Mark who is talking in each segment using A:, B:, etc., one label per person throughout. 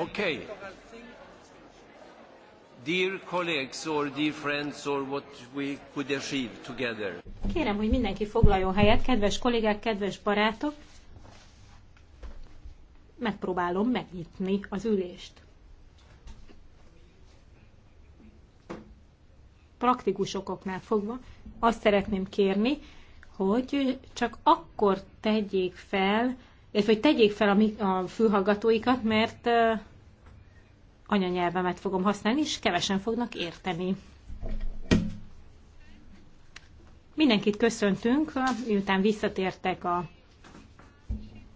A: Okay. Dear colleagues or dear friends or what we could achieve together.
B: Kérem, hogy mindenki foglaljon helyet, kedves kollégák, kedves barátok. Megpróbálom megnyitni az ülést. Praktikus okoknál fogva azt szeretném kérni, hogy csak akkor tegyék fel, vagy hogy tegyék fel a, a fülhallgatóikat, mert anyanyelvemet fogom használni, és kevesen fognak érteni. Mindenkit köszöntünk, miután visszatértek a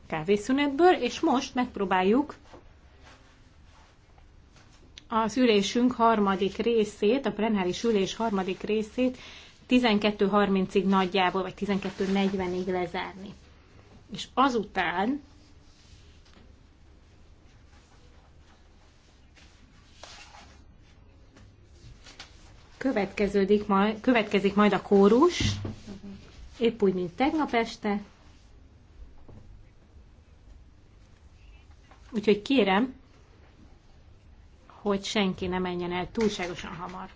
B: kávészünetből, és most megpróbáljuk az ülésünk harmadik részét, a plenáris ülés harmadik részét 12.30-ig nagyjából, vagy 12.40-ig lezárni. És azután Következődik majd, következik majd a kórus, épp úgy, mint tegnap este. Úgyhogy kérem, hogy senki ne menjen el túlságosan hamar.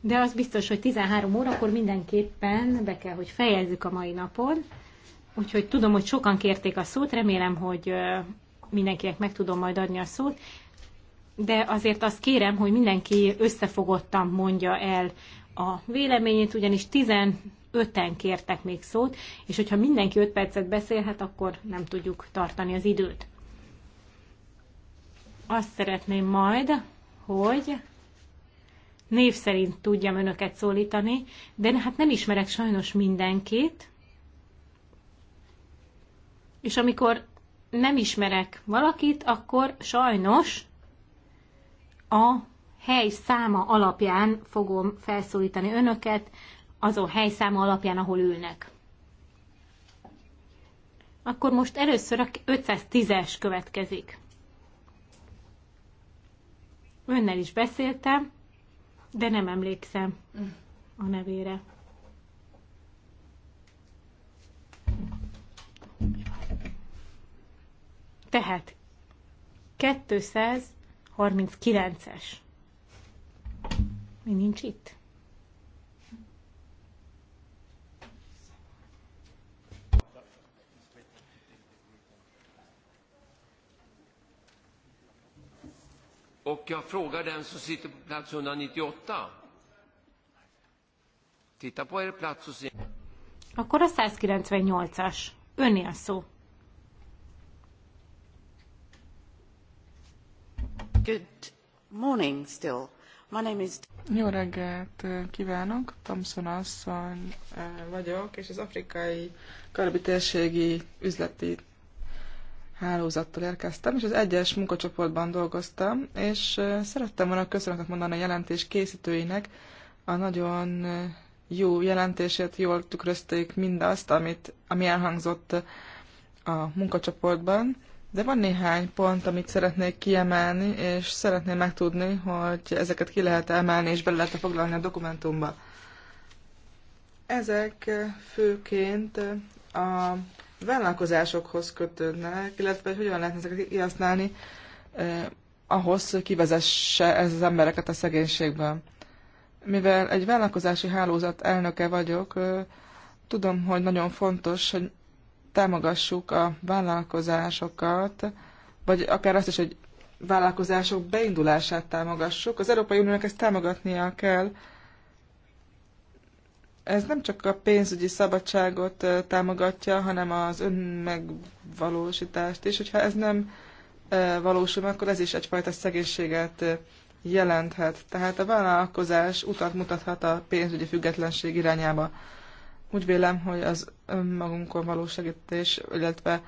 B: De az biztos, hogy 13 órakor mindenképpen be kell, hogy fejezzük a mai napon. Úgyhogy tudom, hogy sokan kérték a szót, remélem, hogy mindenkinek meg tudom majd adni a szót, de azért azt kérem, hogy mindenki összefogottan mondja el a véleményét, ugyanis 15-en kértek még szót, és hogyha mindenki 5 percet beszélhet, akkor nem tudjuk tartani az időt. Azt szeretném majd, hogy név szerint tudjam önöket szólítani, de hát nem ismerek sajnos mindenkit, és amikor nem ismerek valakit, akkor sajnos a hely száma alapján fogom felszólítani önöket, azon hely száma alapján, ahol ülnek. Akkor most először a 510-es következik. Önnel is beszéltem, de nem emlékszem a nevére. Tehát 239-es. Mi nincs itt?
A: Och jag frågar den som sitter på plats 198. Titta på er plats och se.
B: Akkor a 198-as. Önél szó.
C: Jó reggelt kívánok, Thompson asszony eh, vagyok, és az afrikai karibi térségi üzleti hálózattal érkeztem, és az egyes munkacsoportban dolgoztam, és eh, szerettem volna köszönetet mondani a jelentés készítőinek a nagyon eh, jó jelentését, jól tükrözték mindazt, amit, ami elhangzott a munkacsoportban. De van néhány pont, amit szeretnék kiemelni, és szeretném megtudni, hogy ezeket ki lehet emelni, és bele lehet foglalni a dokumentumba. Ezek eh, főként eh, a vállalkozásokhoz kötődnek, illetve hogy hogyan lehet ezeket kihasználni eh, ahhoz, hogy kivezesse ez az embereket a szegénységből. Mivel egy vállalkozási hálózat elnöke vagyok, eh, tudom, hogy nagyon fontos, hogy támogassuk a vállalkozásokat, vagy akár azt is, hogy vállalkozások beindulását támogassuk. Az Európai Uniónak ezt támogatnia kell. Ez nem csak a pénzügyi szabadságot támogatja, hanem az önmegvalósítást is. Hogyha ez nem valósul, akkor ez is egyfajta szegénységet jelenthet. Tehát a vállalkozás utat mutathat a pénzügyi függetlenség irányába. Úgy vélem, hogy az önmagunkon való segítés, illetve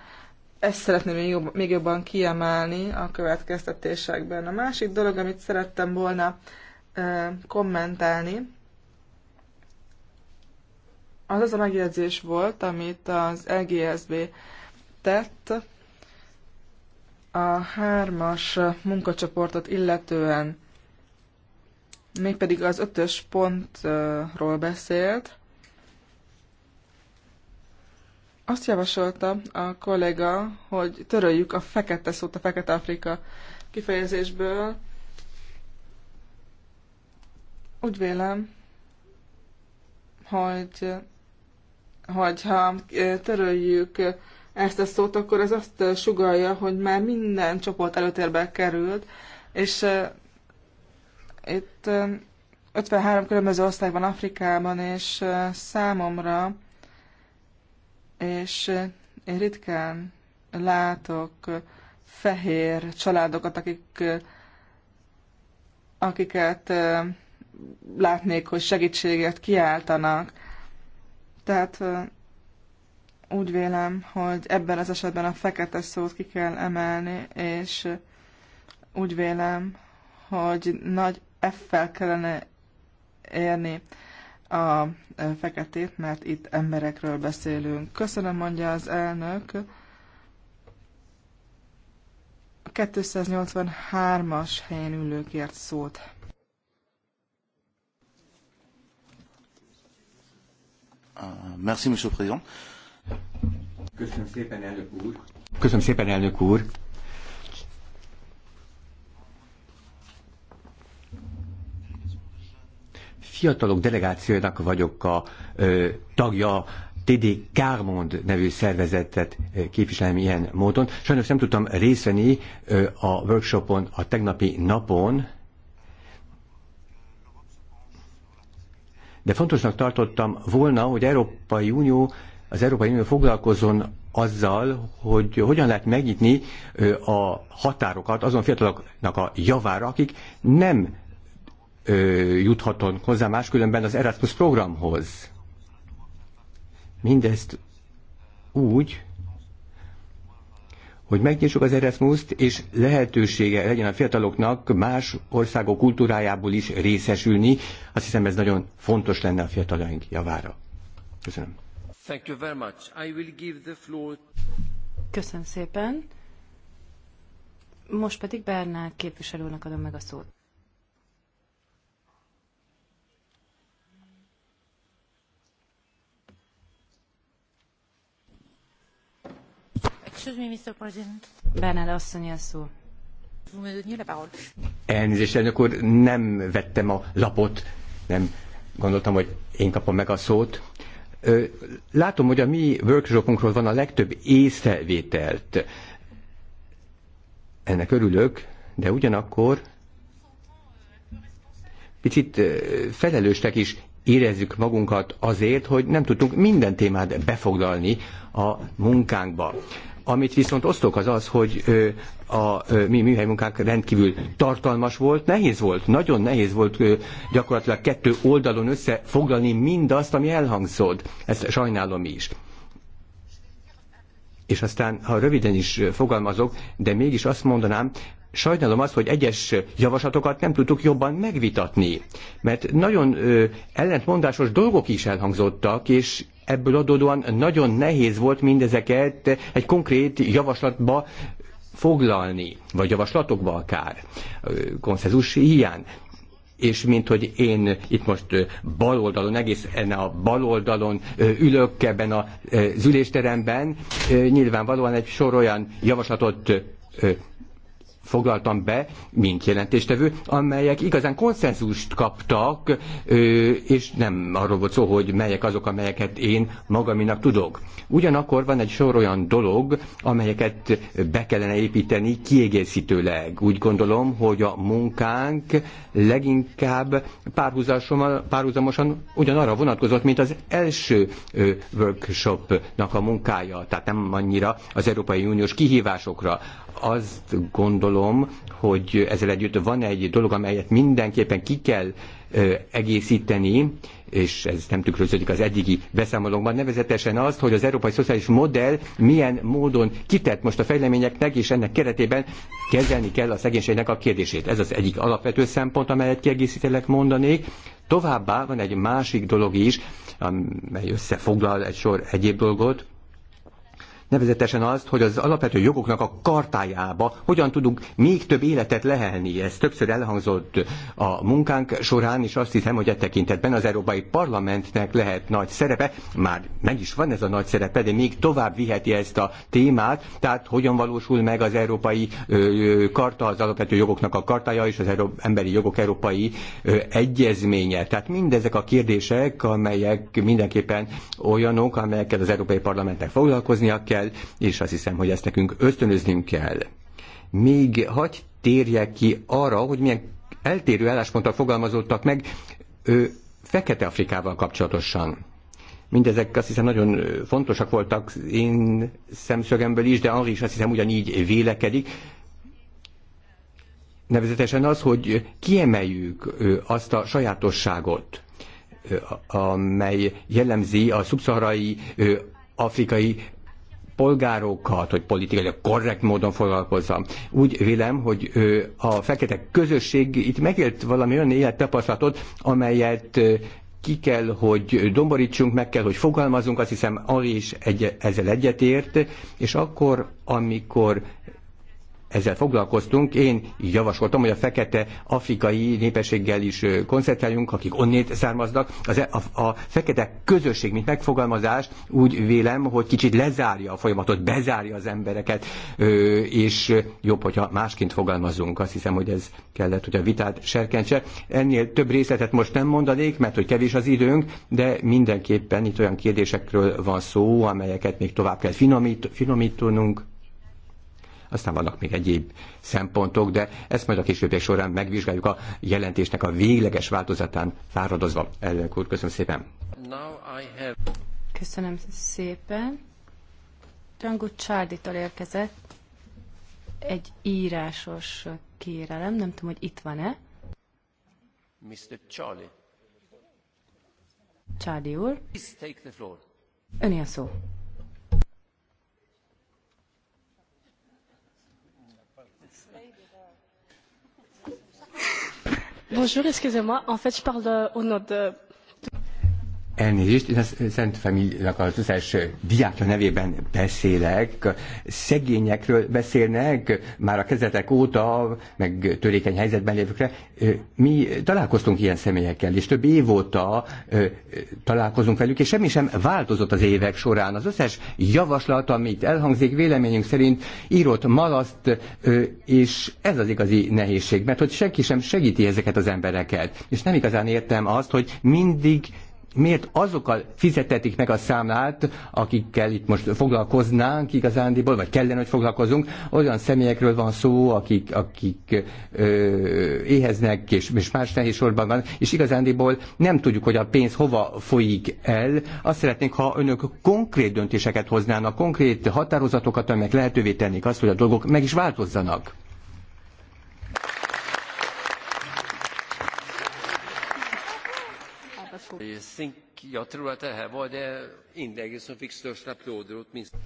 C: ezt szeretném még, jobban, még jobban kiemelni a következtetésekben. A másik dolog, amit szerettem volna kommentálni, az az a megjegyzés volt, amit az LGSB tett a hármas munkacsoportot illetően, mégpedig az ötös pontról beszélt, Azt javasolta a kollega, hogy töröljük a fekete szót a fekete Afrika kifejezésből. Úgy vélem, hogy hogy ha töröljük ezt a szót, akkor ez azt sugalja, hogy már minden csoport előtérbe került, és itt 53 különböző ország van Afrikában, és számomra és én eh, ritkán látok eh, fehér családokat, akik, eh, akiket látnék, hogy segítséget kiáltanak. Tehát úgy vélem, hogy ebben az esetben a fekete szót ki kell emelni, és úgy vélem, hogy nagy F-fel kellene érni a feketét, mert itt emberekről beszélünk. Köszönöm, mondja az elnök. 283-as helyen ülőkért szót.
D: Ah, merci, Monsieur Président. Köszönöm szépen, elnök úr. Köszönöm szépen, elnök úr. fiatalok delegációjának vagyok a ö, tagja, TD Kármond nevű szervezetet képviselem ilyen módon. Sajnos nem tudtam részt venni a workshopon a tegnapi napon, de fontosnak tartottam volna, hogy Európai Unió, az Európai Unió foglalkozon azzal, hogy hogyan lehet megnyitni a határokat azon fiataloknak a javára, akik nem juthaton hozzá máskülönben az Erasmus programhoz. Mindezt úgy, hogy megnyissuk az Erasmus-t, és lehetősége legyen a fiataloknak más országok kultúrájából is részesülni. Azt hiszem, ez nagyon fontos lenne a fiatalaink javára. Köszönöm.
A: Thank you very much. I will give the floor...
E: Köszönöm szépen. Most pedig Bernál képviselőnek adom meg a szót. Mr. President. a
D: Elnézést, elnök úr, nem vettem a lapot, nem gondoltam, hogy én kapom meg a szót. Látom, hogy a mi workshopunkról van a legtöbb észrevételt. Ennek örülök, de ugyanakkor picit felelősnek is érezzük magunkat azért, hogy nem tudtunk minden témát befoglalni a munkánkba. Amit viszont osztok az az, hogy a mi műhelymunkánk rendkívül tartalmas volt, nehéz volt, nagyon nehéz volt gyakorlatilag kettő oldalon összefoglalni mindazt, ami elhangzott. Ezt sajnálom is. És aztán, ha röviden is fogalmazok, de mégis azt mondanám, sajnálom azt, hogy egyes javaslatokat nem tudtuk jobban megvitatni, mert nagyon ö, ellentmondásos dolgok is elhangzottak, és ebből adódóan nagyon nehéz volt mindezeket egy konkrét javaslatba foglalni, vagy javaslatokba akár, konszenzus hiány és mint hogy én itt most baloldalon, egész enne a baloldalon ülök ebben az ülésteremben, nyilvánvalóan egy sor olyan javaslatot foglaltam be, mint jelentéstevő, amelyek igazán konszenzust kaptak, és nem arról volt szó, hogy melyek azok, amelyeket én magaminak tudok. Ugyanakkor van egy sor olyan dolog, amelyeket be kellene építeni kiegészítőleg. Úgy gondolom, hogy a munkánk leginkább párhuzamosan ugyanarra vonatkozott, mint az első workshopnak a munkája, tehát nem annyira az Európai Uniós kihívásokra, azt gondolom, hogy ezzel együtt van egy dolog, amelyet mindenképpen ki kell egészíteni, és ez nem tükröződik az eddigi beszámolókban, nevezetesen azt, hogy az európai szociális modell milyen módon kitett most a fejleményeknek, és ennek keretében kezelni kell a szegénységnek a kérdését. Ez az egyik alapvető szempont, amelyet kiegészítelek mondanék. Továbbá van egy másik dolog is, amely összefoglal egy sor egyéb dolgot, nevezetesen azt, hogy az alapvető jogoknak a kartájába hogyan tudunk még több életet lehelni. Ez többször elhangzott a munkánk során, és azt hiszem, hogy e tekintetben az Európai Parlamentnek lehet nagy szerepe, már meg is van ez a nagy szerepe, de még tovább viheti ezt a témát, tehát hogyan valósul meg az Európai Karta, az alapvető jogoknak a kartája és az Emberi Jogok Európai Egyezménye. Tehát mindezek a kérdések, amelyek mindenképpen olyanok, amelyekkel az Európai Parlamentnek foglalkoznia kell, kell, és azt hiszem, hogy ezt nekünk ösztönöznünk kell. Még hagy térjek ki arra, hogy milyen eltérő állásponttal fogalmazottak meg ő, Fekete-Afrikával kapcsolatosan. Mindezek azt hiszem nagyon fontosak voltak én szemszögemből is, de Henri is azt hiszem ugyanígy vélekedik. Nevezetesen az, hogy kiemeljük azt a sajátosságot, amely jellemzi a szubszaharai afrikai polgárokat, hogy politikai korrekt módon foglalkozzam. Úgy vélem, hogy a fekete közösség itt megélt valami olyan élettapasztalatot, amelyet ki kell, hogy domborítsunk, meg kell, hogy fogalmazunk, azt hiszem, Ali is egy, ezzel egyetért, és akkor, amikor ezzel foglalkoztunk, én javasoltam, hogy a fekete afrikai népességgel is koncentráljunk, akik onnét származnak. Az, e- a, a fekete közösség, mint megfogalmazás, úgy vélem, hogy kicsit lezárja a folyamatot, bezárja az embereket, és jobb, hogyha másként fogalmazunk. Azt hiszem, hogy ez kellett, hogy a vitát serkentse. Ennél több részletet most nem mondanék, mert hogy kevés az időnk, de mindenképpen itt olyan kérdésekről van szó, amelyeket még tovább kell finomít, finomítanunk, aztán vannak még egyéb szempontok, de ezt majd a későbbiek során megvizsgáljuk a jelentésnek a végleges változatán fáradozva. Elnök úr, köszönöm szépen.
E: Köszönöm szépen. Django Csárditól érkezett egy írásos kérelem, nem tudom, hogy itt van-e.
A: Mr. Charlie.
E: Csárdi úr.
A: Please take the floor.
E: Öné a szó.
B: Bonjour, excusez-moi. En fait, je parle euh, au nom de
D: Elnézést, én a Szent Famíliának az összes diákja nevében beszélek, szegényekről beszélnek, már a kezetek óta, meg törékeny helyzetben lévőkre. Mi találkoztunk ilyen személyekkel, és több év óta találkozunk velük, és semmi sem változott az évek során. Az összes javaslat, amit elhangzik véleményünk szerint, írott malaszt, és ez az igazi nehézség, mert hogy senki sem segíti ezeket az embereket. És nem igazán értem azt, hogy mindig miért azokkal fizetetik meg a számlát, akikkel itt most foglalkoznánk igazándiból, vagy kellene, hogy foglalkozunk, olyan személyekről van szó, akik, akik ö, éheznek, és, és más nehéz sorban van, és igazándiból nem tudjuk, hogy a pénz hova folyik el. Azt szeretnénk, ha önök konkrét döntéseket hoznának, konkrét határozatokat, amelyek lehetővé tennék azt, hogy a dolgok meg is változzanak.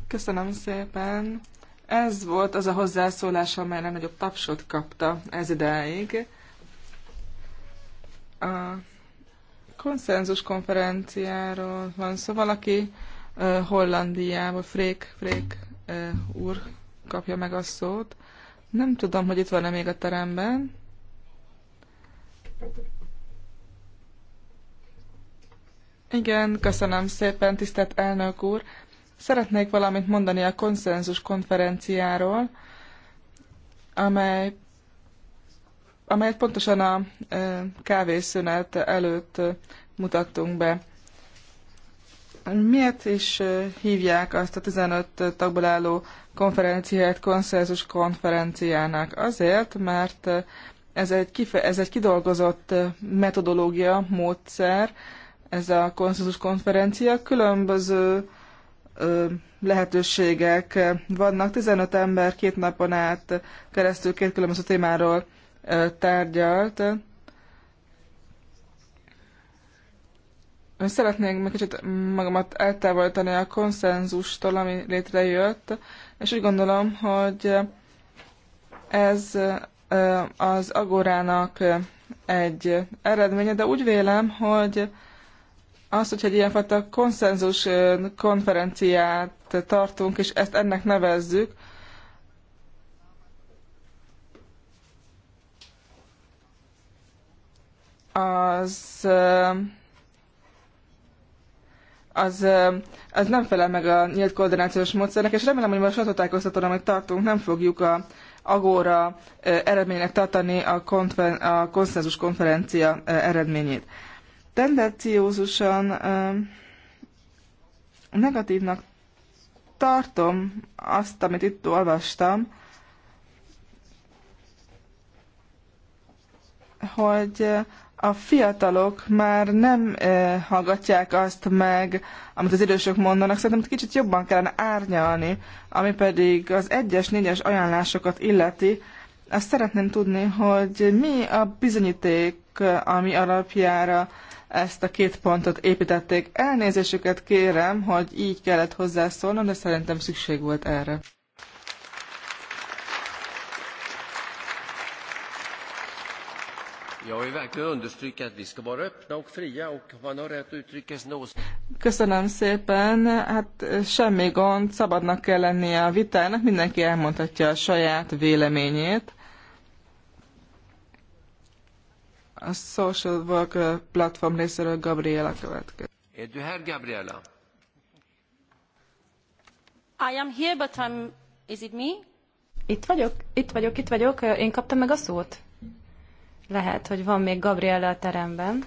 C: Köszönöm szépen. Ez volt az a hozzászólás, amely nem nagyobb tapsot kapta ez ideig. A konszenzus konferenciáról van szó. Szóval valaki uh, Hollandiából, Frék, Frék uh, úr kapja meg a szót. Nem tudom, hogy itt van-e még a teremben. Igen, köszönöm szépen, tisztelt elnök úr. Szeretnék valamit mondani a konszenzus konferenciáról, amely, amelyet pontosan a kávészünet előtt mutattunk be. Miért is hívják azt a 15 tagból álló konferenciát konszenzus konferenciának? Azért, mert ez egy, kife- ez egy kidolgozott metodológia, módszer, ez a konszenzus konferencia. Különböző ö, lehetőségek vannak. 15 ember két napon át keresztül két különböző témáról ö, tárgyalt. Szeretnék meg kicsit magamat eltávolítani a konszenzustól, ami létrejött, és úgy gondolom, hogy ez az agorának egy eredménye, de úgy vélem, hogy az, hogyha egy ilyenfajta konszenzus konferenciát tartunk, és ezt ennek nevezzük, az az, az nem felel meg a nyílt koordinációs módszernek, és remélem, hogy most sajtótájékoztatón, amit tartunk, nem fogjuk a agóra eredménynek tartani a, konfer- a konszenzus konferencia eredményét tendenciózusan negatívnak tartom azt, amit itt olvastam, hogy a fiatalok már nem hallgatják azt meg, amit az idősök mondanak, szerintem itt kicsit jobban kellene árnyalni, ami pedig az egyes, négyes ajánlásokat illeti. Azt szeretném tudni, hogy mi a bizonyíték, ami alapjára ezt a két pontot építették. Elnézésüket kérem, hogy így kellett hozzászólnom, de szerintem szükség volt erre. Köszönöm szépen. Hát eh, semmi gond, szabadnak kell lennie a vitának, mindenki elmondhatja a saját véleményét. a Social Work uh, Platform részéről Gabriela következik.
A: Edüher Gabriela.
E: I am here, but I'm... Is it me? Itt vagyok, itt vagyok, itt vagyok. Én kaptam meg a szót. Lehet, hogy van még Gabriela a teremben.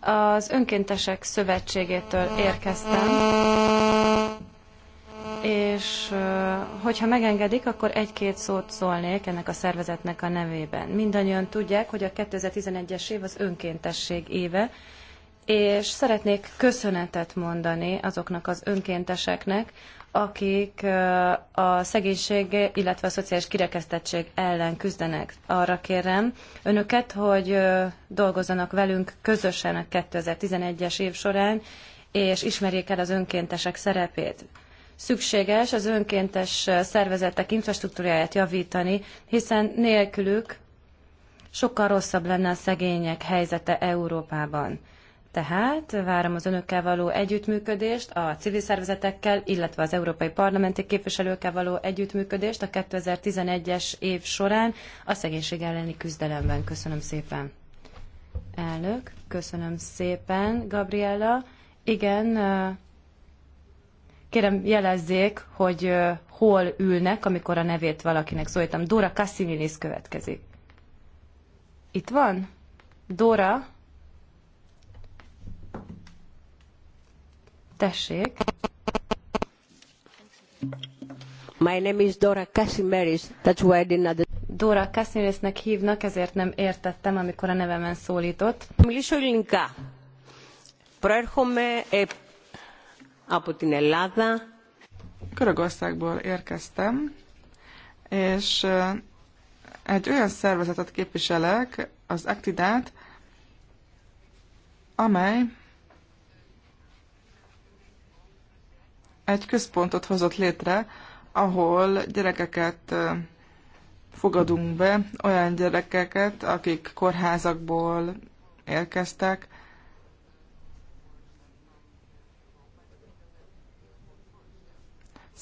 E: Az Önkéntesek Szövetségétől érkeztem és hogyha megengedik, akkor egy-két szót szólnék ennek a szervezetnek a nevében. Mindannyian tudják, hogy a 2011-es év az önkéntesség éve, és szeretnék köszönetet mondani azoknak az önkénteseknek, akik a szegénység, illetve a szociális kirekesztettség ellen küzdenek. Arra kérem önöket, hogy dolgozzanak velünk közösen a 2011-es év során, és ismerjék el az önkéntesek szerepét szükséges az önkéntes szervezetek infrastruktúráját javítani, hiszen nélkülük sokkal rosszabb lenne a szegények helyzete Európában. Tehát várom az önökkel való együttműködést, a civil szervezetekkel, illetve az európai parlamenti képviselőkkel való együttműködést a 2011-es év során a szegénység elleni küzdelemben. Köszönöm szépen. Elnök, köszönöm szépen, Gabriella. Igen, Kérem jelezzék, hogy hol ülnek, amikor a nevét valakinek szólítam. Dóra Kassimilis következik. Itt van? Dóra? Tessék. My name is Dora Casimiris. That's why I did not... Dora Casimirisnek hívnak, ezért nem értettem, amikor a nevemen szólított. Μιλήσω
C: ελληνικά. Προέρχομαι Görögországból érkeztem, és egy olyan szervezetet képviselek, az Actidát, amely egy központot hozott létre, ahol gyerekeket fogadunk be, olyan gyerekeket, akik kórházakból érkeztek,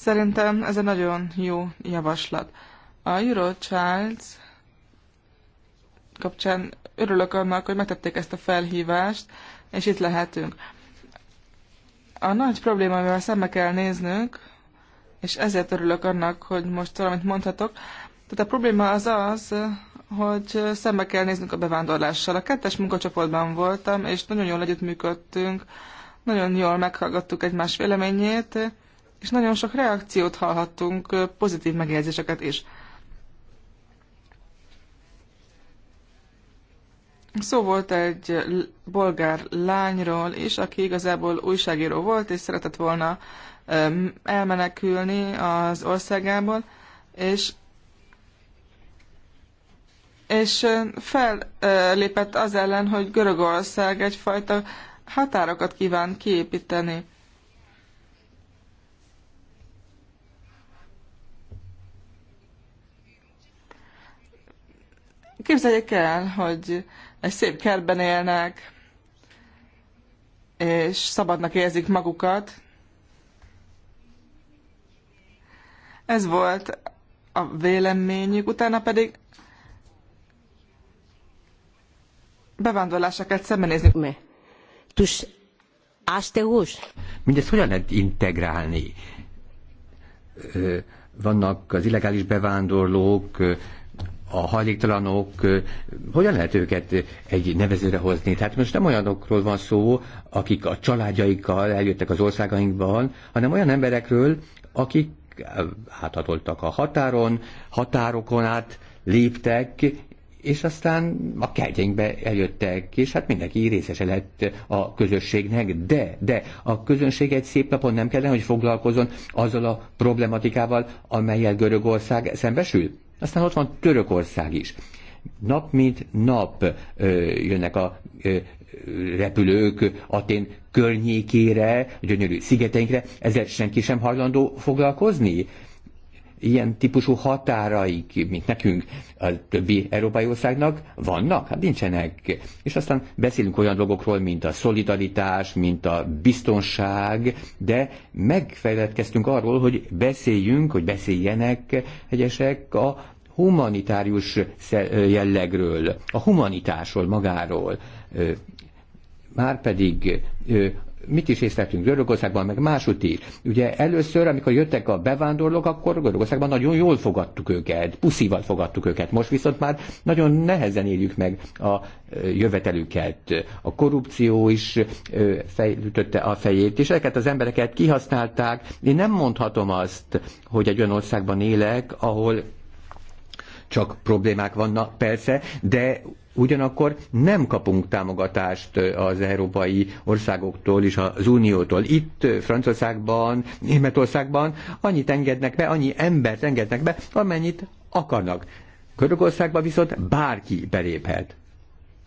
C: Szerintem ez egy nagyon jó javaslat. A Childs kapcsán örülök annak, hogy megtették ezt a felhívást, és itt lehetünk. A nagy probléma, amivel szembe kell néznünk, és ezért örülök annak, hogy most valamit mondhatok, tehát a probléma az az, hogy szembe kell néznünk a bevándorlással. A kettes munkacsoportban voltam, és nagyon jól együttműködtünk, nagyon jól meghallgattuk egymás véleményét, és nagyon sok reakciót hallhattunk, pozitív megjegyzéseket is. Szó volt egy bolgár lányról is, aki igazából újságíró volt, és szeretett volna elmenekülni az országából, és és fellépett az ellen, hogy Görögország egyfajta határokat kíván kiépíteni. Képzeljék el, hogy egy szép kertben élnek, és szabadnak érzik magukat. Ez volt a véleményük, utána pedig bevándorlásokat szembenézni. Mi? Tus ástegus.
D: Mindezt hogyan lehet integrálni? Vannak az illegális bevándorlók, a hajléktalanok, hogyan lehet őket egy nevezőre hozni? Tehát most nem olyanokról van szó, akik a családjaikkal eljöttek az országainkban, hanem olyan emberekről, akik áthatoltak a határon, határokon át léptek, és aztán a kertjeinkbe eljöttek, és hát mindenki részese lett a közösségnek, de, de a közönség egy szép napon nem kellene, hogy foglalkozon azzal a problematikával, amelyel Görögország szembesül? Aztán ott van Törökország is. Nap mint nap ö, jönnek a ö, repülők Atén környékére, gyönyörű szigeteinkre, ezzel senki sem hajlandó foglalkozni ilyen típusú határaik, mint nekünk a többi európai országnak vannak? Hát nincsenek. És aztán beszélünk olyan dolgokról, mint a szolidaritás, mint a biztonság, de megfeledkeztünk arról, hogy beszéljünk, hogy beszéljenek egyesek a humanitárius jellegről, a humanitásról magáról már pedig mit is észleltünk Görögországban, meg másút is. Ugye először, amikor jöttek a bevándorlók, akkor Görögországban nagyon jól fogadtuk őket, puszival fogadtuk őket. Most viszont már nagyon nehezen éljük meg a jövetelüket. A korrupció is fejlütötte a fejét, és ezeket az embereket kihasználták. Én nem mondhatom azt, hogy egy olyan országban élek, ahol csak problémák vannak, persze, de ugyanakkor nem kapunk támogatást az európai országoktól és az uniótól. Itt Franciaországban, Németországban annyit engednek be, annyi embert engednek be, amennyit akarnak. Görögországban viszont bárki beléphet.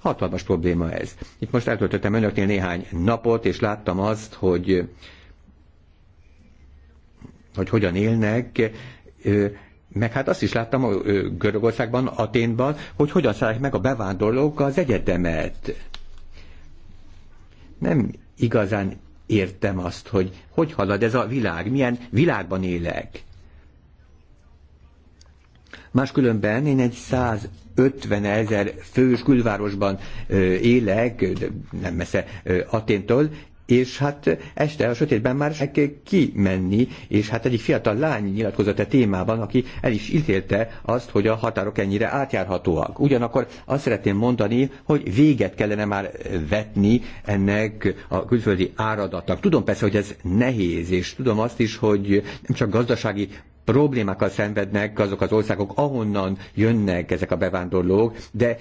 D: Hatalmas probléma ez. Itt most eltöltöttem önöknél néhány napot, és láttam azt, hogy hogy hogyan élnek, meg hát azt is láttam a Görögországban, Aténban, hogy hogyan szállják meg a bevándorlók az egyetemet. Nem igazán értem azt, hogy hogy halad ez a világ, milyen világban élek. Máskülönben én egy 150 ezer fős külvárosban élek, nem messze Aténtől, és hát este a sötétben már kimenni, és hát egyik fiatal lány nyilatkozott a e témában, aki el is ítélte azt, hogy a határok ennyire átjárhatóak. Ugyanakkor azt szeretném mondani, hogy véget kellene már vetni ennek a külföldi áradatnak. Tudom persze, hogy ez nehéz, és tudom azt is, hogy nem csak gazdasági problémákkal szenvednek azok az országok, ahonnan jönnek ezek a bevándorlók, de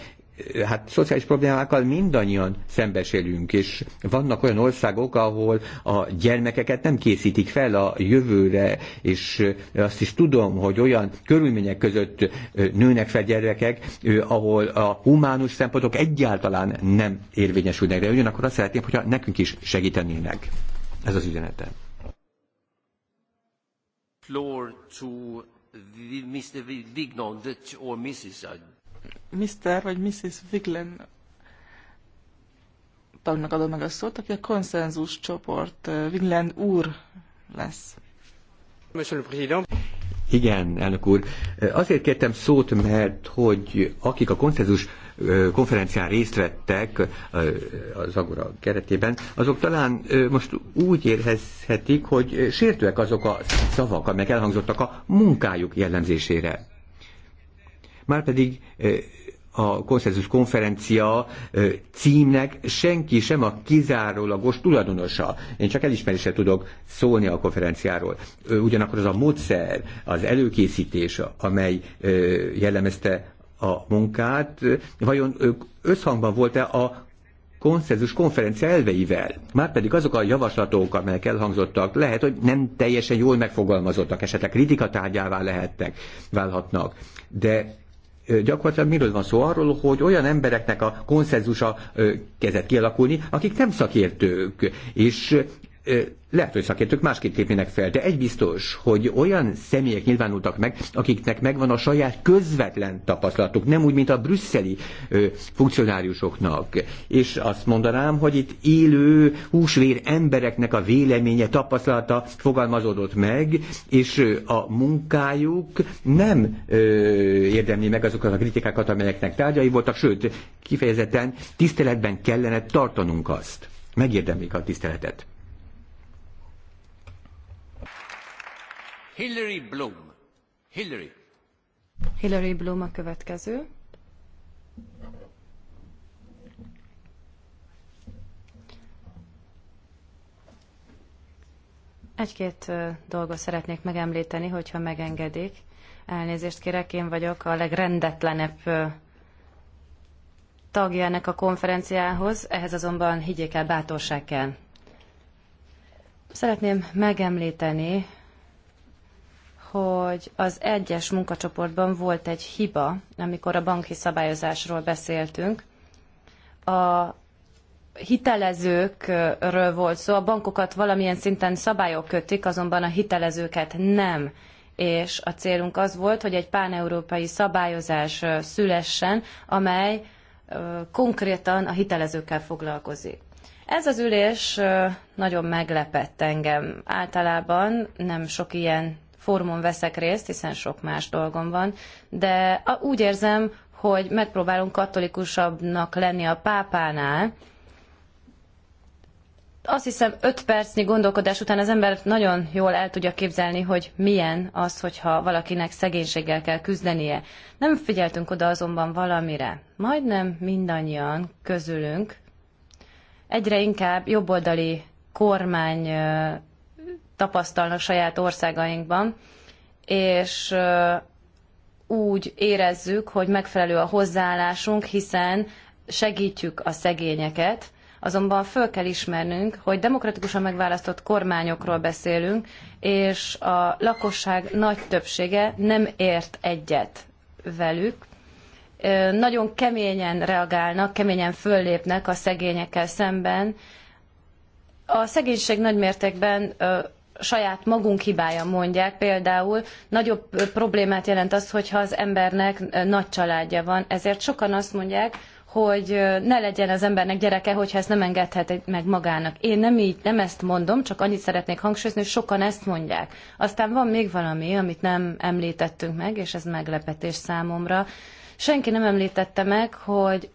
D: hát szociális problémákkal mindannyian szembesülünk, és vannak olyan országok, ahol a gyermekeket nem készítik fel a jövőre, és azt is tudom, hogy olyan körülmények között nőnek fel gyerekek, ahol a humánus szempontok egyáltalán nem érvényesülnek, de ugyanakkor azt szeretném, hogyha nekünk is segítenének. Ez az üzenetem.
A: Floor to Mr. Vignon or
C: Mrs. Mr. vagy Mrs. Wiglen tagnak adom meg a szót, aki a konszenzus csoport Wigland úr lesz. Monsieur le Président.
D: Igen, elnök úr. Azért kértem szót, mert hogy akik a konszenzus konferencián részt vettek az Agora keretében, azok talán most úgy érezhetik, hogy sértőek azok a szavak, amelyek elhangzottak a munkájuk jellemzésére. Márpedig a konszenzus konferencia címnek senki sem a kizárólagos tulajdonosa. Én csak elismerésre tudok szólni a konferenciáról. Ugyanakkor az a módszer, az előkészítés, amely jellemezte a munkát, vajon összhangban volt-e a konszenzus konferencia elveivel. Márpedig azok a javaslatok, amelyek elhangzottak, lehet, hogy nem teljesen jól megfogalmazottak, esetleg kritikatárgyává lehettek, válhatnak, de gyakorlatilag miről van szó? Arról, hogy olyan embereknek a konszenzusa kezdett kialakulni, akik nem szakértők, és lehet, hogy szakértők másképp képének fel, de egy biztos, hogy olyan személyek nyilvánultak meg, akiknek megvan a saját közvetlen tapasztalatuk, nem úgy, mint a brüsszeli ö, funkcionáriusoknak. És azt mondanám, hogy itt élő, húsvér embereknek a véleménye, tapasztalata fogalmazódott meg, és a munkájuk nem ö, érdemli meg azokat a kritikákat, amelyeknek tárgyai voltak, sőt, kifejezetten tiszteletben kellene tartanunk azt. Megérdemlik a tiszteletet.
A: Hillary Bloom. Hillary.
E: Hillary Bloom a következő. Egy-két dolgot szeretnék megemlíteni, hogyha megengedik. Elnézést kérek, én vagyok a legrendetlenebb tagja ennek a konferenciához, ehhez azonban higgyék el, bátorság kell. Szeretném megemlíteni hogy az egyes munkacsoportban volt egy hiba, amikor a banki szabályozásról beszéltünk. A hitelezőkről volt szó, a bankokat valamilyen szinten szabályok kötik, azonban a hitelezőket nem és a célunk az volt, hogy egy páneurópai szabályozás szülessen, amely konkrétan a hitelezőkkel foglalkozik. Ez az ülés nagyon meglepett engem. Általában nem sok ilyen fórumon veszek részt, hiszen sok más dolgom van, de úgy érzem, hogy megpróbálunk katolikusabbnak lenni a pápánál, azt hiszem, öt percnyi gondolkodás után az ember nagyon jól el tudja képzelni, hogy milyen az, hogyha valakinek szegénységgel kell küzdenie. Nem figyeltünk oda azonban valamire. Majdnem mindannyian közülünk egyre inkább jobboldali kormány tapasztalnak saját országainkban, és úgy érezzük, hogy megfelelő a hozzáállásunk, hiszen segítjük a szegényeket, azonban föl kell ismernünk, hogy demokratikusan megválasztott kormányokról beszélünk, és a lakosság nagy többsége nem ért egyet velük. Nagyon keményen reagálnak, keményen föllépnek a szegényekkel szemben. A szegénység nagymértékben saját magunk hibája mondják, például nagyobb problémát jelent az, hogyha az embernek nagy családja van, ezért sokan azt mondják, hogy ne legyen az embernek gyereke, hogyha ezt nem engedhet meg magának. Én nem így, nem ezt mondom, csak annyit szeretnék hangsúlyozni, hogy sokan ezt mondják. Aztán van még valami, amit nem említettünk meg, és ez meglepetés számomra. Senki nem említette meg, hogy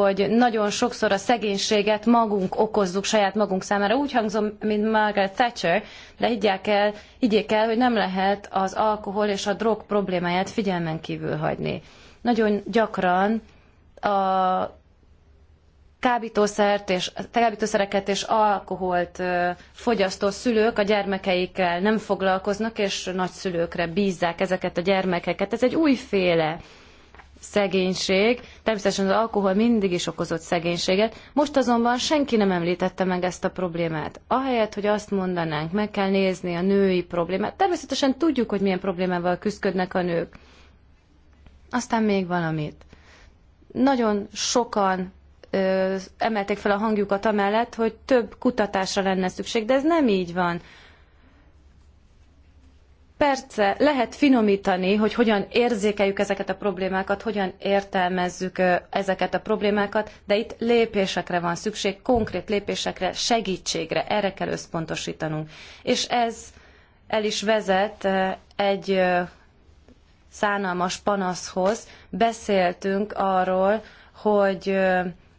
E: hogy nagyon sokszor a szegénységet magunk okozzuk saját magunk számára. Úgy hangzom, mint Margaret Thatcher, de higgyák el, higgyék el, hogy nem lehet az alkohol és a drog problémáját figyelmen kívül hagyni. Nagyon gyakran a kábítószert és, kábítószereket és alkoholt fogyasztó szülők a gyermekeikkel nem foglalkoznak, és nagyszülőkre bízzák ezeket a gyermekeket. Ez egy újféle szegénység. Természetesen az alkohol mindig is okozott szegénységet. Most azonban senki nem említette meg ezt a problémát. Ahelyett, hogy azt mondanánk, meg kell nézni a női problémát. Természetesen tudjuk, hogy milyen problémával küzdködnek a nők. Aztán még valamit. Nagyon sokan ö, emelték fel a hangjukat amellett, hogy több kutatásra lenne szükség, de ez nem így van perce lehet finomítani, hogy hogyan érzékeljük ezeket a problémákat, hogyan értelmezzük ezeket a problémákat, de itt lépésekre van szükség, konkrét lépésekre, segítségre, erre kell összpontosítanunk. És ez el is vezet egy szánalmas panaszhoz. Beszéltünk arról, hogy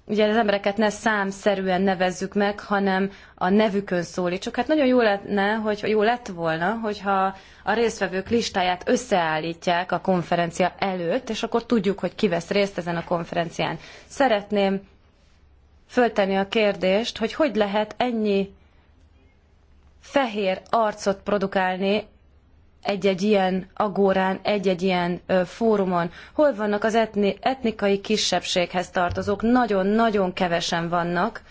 E: ugye az embereket ne számszerűen nevezzük meg, hanem a nevükön szólítsuk. Hát nagyon jó, lenne, hogy, jó lett volna, hogyha a résztvevők listáját összeállítják a konferencia előtt, és akkor tudjuk, hogy ki vesz részt ezen a konferencián. Szeretném föltenni a kérdést, hogy hogy lehet ennyi fehér arcot produkálni egy-egy ilyen agórán, egy-egy ilyen ö, fórumon. Hol vannak az etni, etnikai kisebbséghez tartozók? Nagyon-nagyon kevesen vannak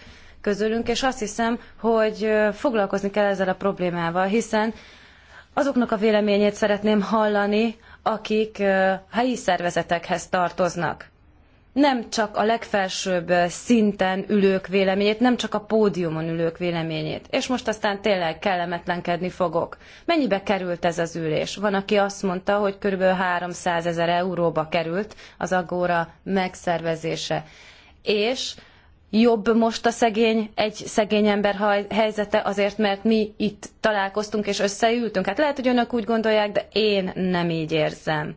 E: közülünk, és azt hiszem, hogy foglalkozni kell ezzel a problémával, hiszen azoknak a véleményét szeretném hallani, akik helyi szervezetekhez tartoznak nem csak a legfelsőbb szinten ülők véleményét, nem csak a pódiumon ülők véleményét. És most aztán tényleg kellemetlenkedni fogok. Mennyibe került ez az ülés? Van, aki azt mondta, hogy kb. 300 ezer euróba került az agóra megszervezése. És jobb most a szegény, egy szegény ember helyzete azért, mert mi itt találkoztunk és összeültünk. Hát lehet, hogy önök úgy gondolják, de én nem így érzem.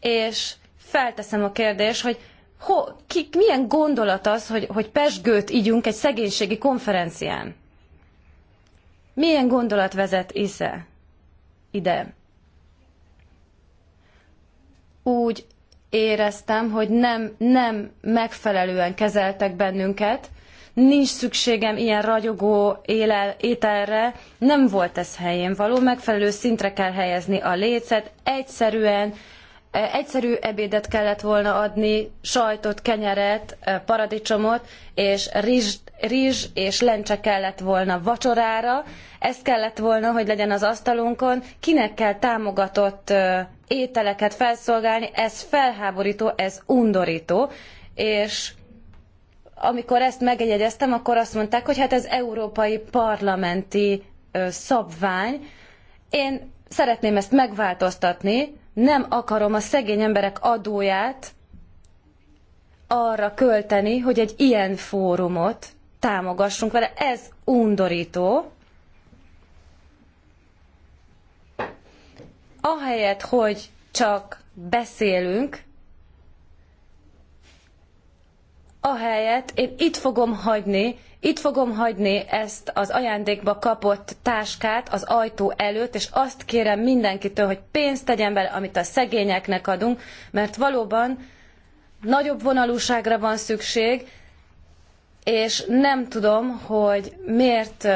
E: És felteszem a kérdést, hogy ho, ki, milyen gondolat az, hogy, hogy pesgőt ígyunk egy szegénységi konferencián? Milyen gondolat vezet Isze ide? Úgy éreztem, hogy nem, nem megfelelően kezeltek bennünket, nincs szükségem ilyen ragyogó élel, ételre, nem volt ez helyén való, megfelelő szintre kell helyezni a lécet, egyszerűen egyszerű ebédet kellett volna adni, sajtot, kenyeret, paradicsomot, és rizs, rizs és lencse kellett volna vacsorára, ez kellett volna, hogy legyen az asztalunkon, kinek kell támogatott ételeket felszolgálni, ez felháborító, ez undorító, és amikor ezt megjegyeztem, akkor azt mondták, hogy hát ez európai parlamenti szabvány. Én szeretném ezt megváltoztatni, nem akarom a szegény emberek adóját arra költeni, hogy egy ilyen fórumot támogassunk vele. Ez undorító. Ahelyett, hogy csak beszélünk, ahelyett én itt fogom hagyni itt fogom hagyni ezt az ajándékba kapott táskát az ajtó előtt, és azt kérem mindenkitől, hogy pénzt tegyen bele, amit a szegényeknek adunk, mert valóban nagyobb vonalúságra van szükség, és nem tudom, hogy miért,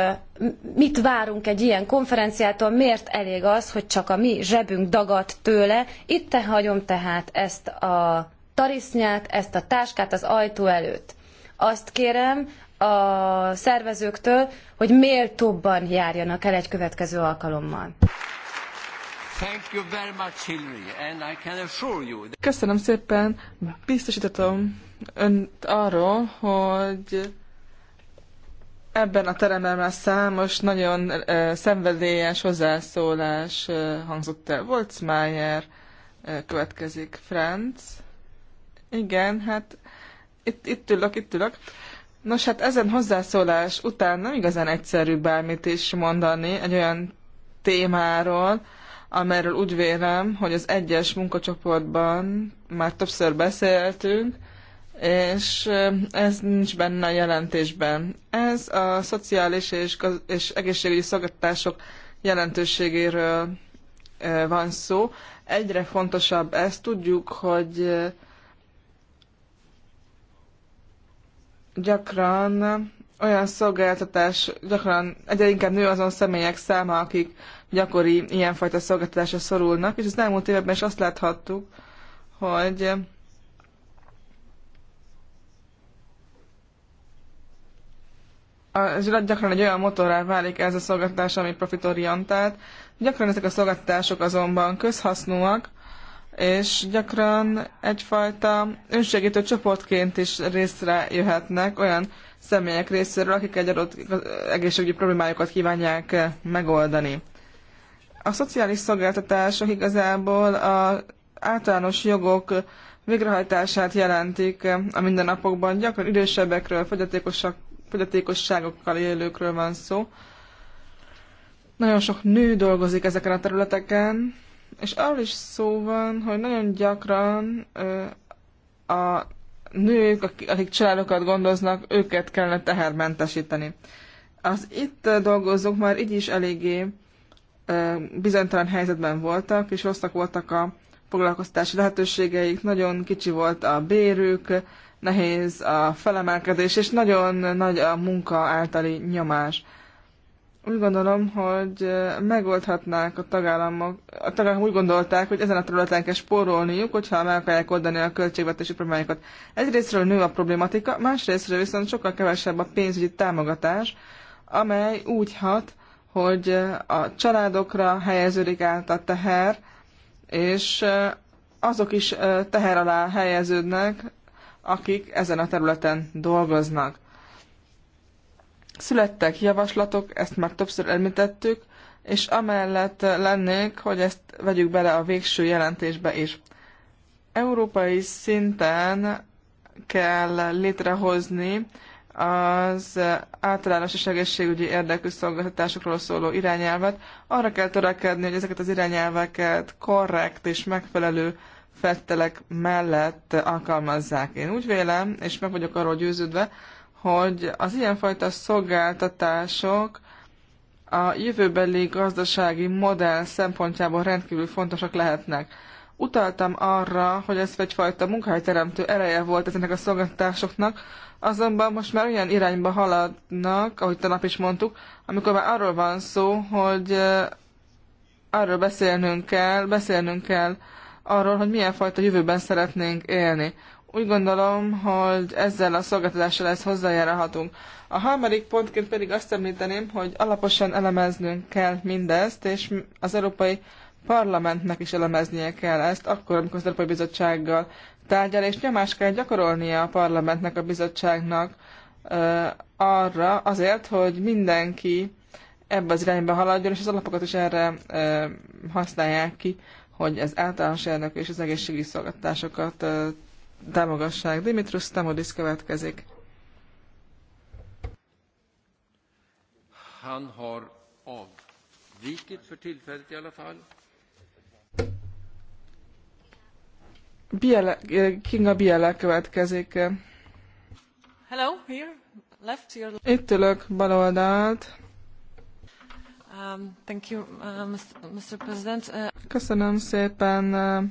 E: mit várunk egy ilyen konferenciától, miért elég az, hogy csak a mi zsebünk dagadt tőle. Itt te hagyom tehát ezt a tarisznyát, ezt a táskát az ajtó előtt. Azt kérem a szervezőktől, hogy méltóbban járjanak el egy következő
C: alkalommal. Köszönöm szépen, biztosítatom önt arról, hogy ebben a teremben már számos, nagyon uh, szenvedélyes hozzászólás uh, hangzott el. Voltzmeier uh, következik, Franz. Igen, hát itt, itt ülök, itt ülök. Uh, Nos, hát ezen hozzászólás után nem igazán egyszerű bármit is mondani egy olyan témáról, amelyről úgy vélem, hogy az egyes munkacsoportban már többször beszéltünk, és ez nincs benne a jelentésben. Ez a szociális és, és egészségügyi szolgáltatások jelentőségéről van szó. Egyre fontosabb ez, tudjuk, hogy gyakran olyan szolgáltatás, gyakran egyre inkább nő azon személyek száma, akik gyakori ilyenfajta szolgáltatásra szorulnak, és az elmúlt években is azt láthattuk, hogy ez gyakran egy olyan motorrá válik ez a szolgáltatás, ami profitorientált. Gyakran ezek a szolgáltatások azonban közhasznúak, és gyakran egyfajta önsegítő csoportként is részre jöhetnek olyan személyek részéről, akik egy adott egészségügyi problémájukat kívánják megoldani. A szociális szolgáltatások igazából az általános jogok végrehajtását jelentik a mindennapokban. Gyakran idősebbekről, fogyatékosságokkal élőkről van szó. Nagyon sok nő dolgozik ezeken a területeken, és arról is szó van, hogy nagyon gyakran a nők, akik családokat gondoznak, őket kellene tehermentesíteni. Az itt dolgozók már így is eléggé bizonytalan helyzetben voltak, és rosszak voltak a foglalkoztási lehetőségeik, nagyon kicsi volt a bérük, nehéz a felemelkedés, és nagyon nagy a munka általi nyomás. Úgy gondolom, hogy megoldhatnák a tagállamok, a tagállamok úgy gondolták, hogy ezen a területen kell spórolniuk, hogyha meg akarják oldani a költségvetési problémáikat. Egyrésztről nő a problématika, másrésztről viszont sokkal kevesebb a pénzügyi támogatás, amely úgy hat, hogy a családokra helyeződik át a teher, és azok is teher alá helyeződnek, akik ezen a területen dolgoznak. Születtek javaslatok, ezt már többször említettük, és amellett lennék, hogy ezt vegyük bele a végső jelentésbe is. Európai szinten kell létrehozni az általános és egészségügyi érdekű szolgáltatásokról szóló irányelvet. Arra kell törekedni, hogy ezeket az irányelveket korrekt és megfelelő fettelek mellett alkalmazzák. Én úgy vélem, és meg vagyok arról győződve, hogy az ilyenfajta szolgáltatások a jövőbeli gazdasági modell szempontjából rendkívül fontosak lehetnek. Utaltam arra, hogy ez egyfajta munkahelyteremtő ereje volt ezeknek a szolgáltatásoknak, azonban most már olyan irányba haladnak, ahogy tanap is mondtuk, amikor már arról van szó, hogy arról beszélnünk kell, beszélnünk kell arról, hogy milyen fajta jövőben szeretnénk élni úgy gondolom, hogy ezzel a szolgáltatással ezt hozzájárulhatunk. A harmadik pontként pedig azt említeném, hogy alaposan elemeznünk kell mindezt, és az Európai Parlamentnek is elemeznie kell ezt, akkor, amikor az Európai Bizottsággal tárgyal, és nyomást kell gyakorolnia a parlamentnek, a bizottságnak arra azért, hogy mindenki ebbe az irányba haladjon, és az alapokat is erre használják ki, hogy az általános elnök és az egészségügyi szolgáltatásokat támogassák. Dimitrus Tamodis következik.
A: Han har avvikit för tillfället i alla fall.
C: Biele, eh, Kinga Biele következik.
A: Hello, here,
E: left, here. Itt
C: ülök, bal oldalt.
E: Um, thank you, uh, Mr. President. Uh...
C: Köszönöm szépen, uh,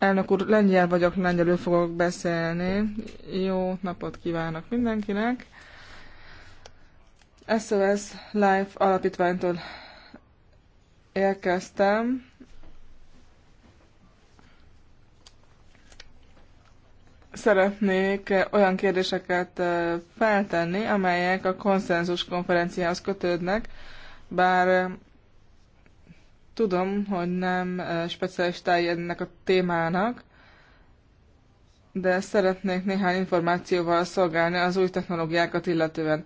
C: Elnök úr, lengyel vagyok, lengyelül fogok beszélni. Jó napot kívánok mindenkinek. SOS Life alapítványtól érkeztem. Szeretnék olyan kérdéseket feltenni, amelyek a konszenzus konferenciához kötődnek, bár Tudom, hogy nem speciális ennek a témának, de szeretnék néhány információval szolgálni az új technológiákat illetően.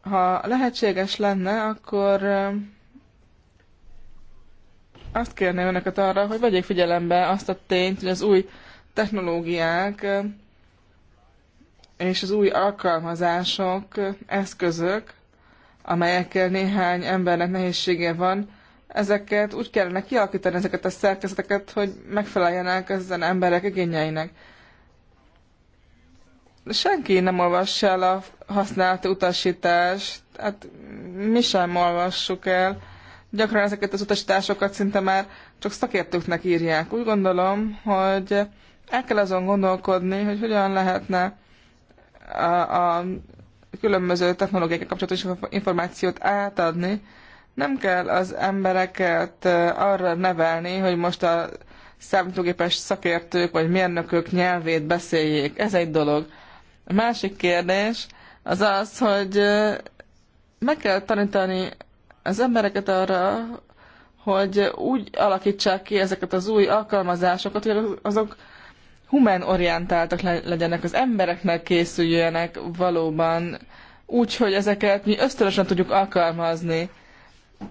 C: Ha lehetséges lenne, akkor azt kérném önöket arra, hogy vegyék figyelembe azt a tényt, hogy az új technológiák és az új alkalmazások, eszközök, amelyekkel néhány embernek nehézsége van, ezeket úgy kellene kialakítani, ezeket a szerkezeteket, hogy megfeleljenek ezen emberek igényeinek. Senki nem olvass el a használt utasítást, hát mi sem olvassuk el. Gyakran ezeket az utasításokat szinte már csak szakértőknek írják. Úgy gondolom, hogy el kell azon gondolkodni, hogy hogyan lehetne a, a különböző technológiákkal kapcsolatos információt átadni, nem kell az embereket arra nevelni, hogy most a számítógépes szakértők vagy mérnökök nyelvét beszéljék. Ez egy dolog. A másik kérdés az az, hogy meg kell tanítani az embereket arra, hogy úgy alakítsák ki ezeket az új alkalmazásokat, hogy azok orientáltak legyenek, az embereknek készüljenek valóban, úgy, hogy ezeket mi ösztönösen tudjuk alkalmazni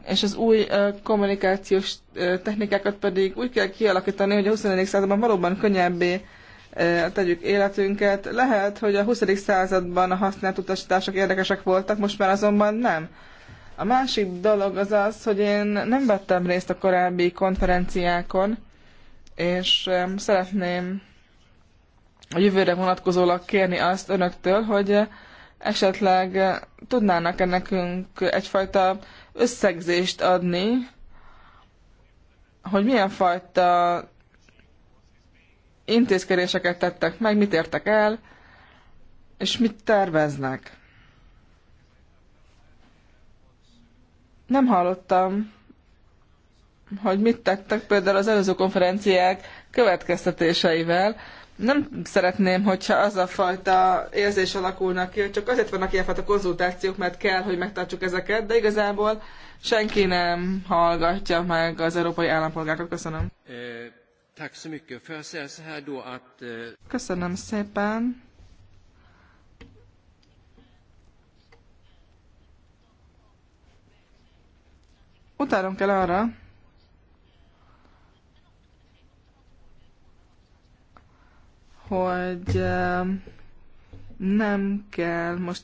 C: és az új kommunikációs technikákat pedig úgy kell kialakítani, hogy a 21. században valóban könnyebbé tegyük életünket. Lehet, hogy a 20. században a használt utasítások érdekesek voltak, most már azonban nem. A másik dolog az az, hogy én nem vettem részt a korábbi konferenciákon, és szeretném a jövőre vonatkozólag kérni azt önöktől, hogy esetleg tudnának -e nekünk egyfajta összegzést adni, hogy milyen fajta intézkedéseket tettek meg, mit értek el, és mit terveznek. Nem hallottam, hogy mit tettek például az előző konferenciák következtetéseivel, nem szeretném, hogyha az a fajta érzés alakulna ki, hogy csak azért vannak ilyenfajta konzultációk, mert kell, hogy megtartsuk ezeket, de igazából senki nem hallgatja meg az európai állampolgárokat. Köszönöm. Köszönöm szépen. Utálom kell arra, hogy nem kell most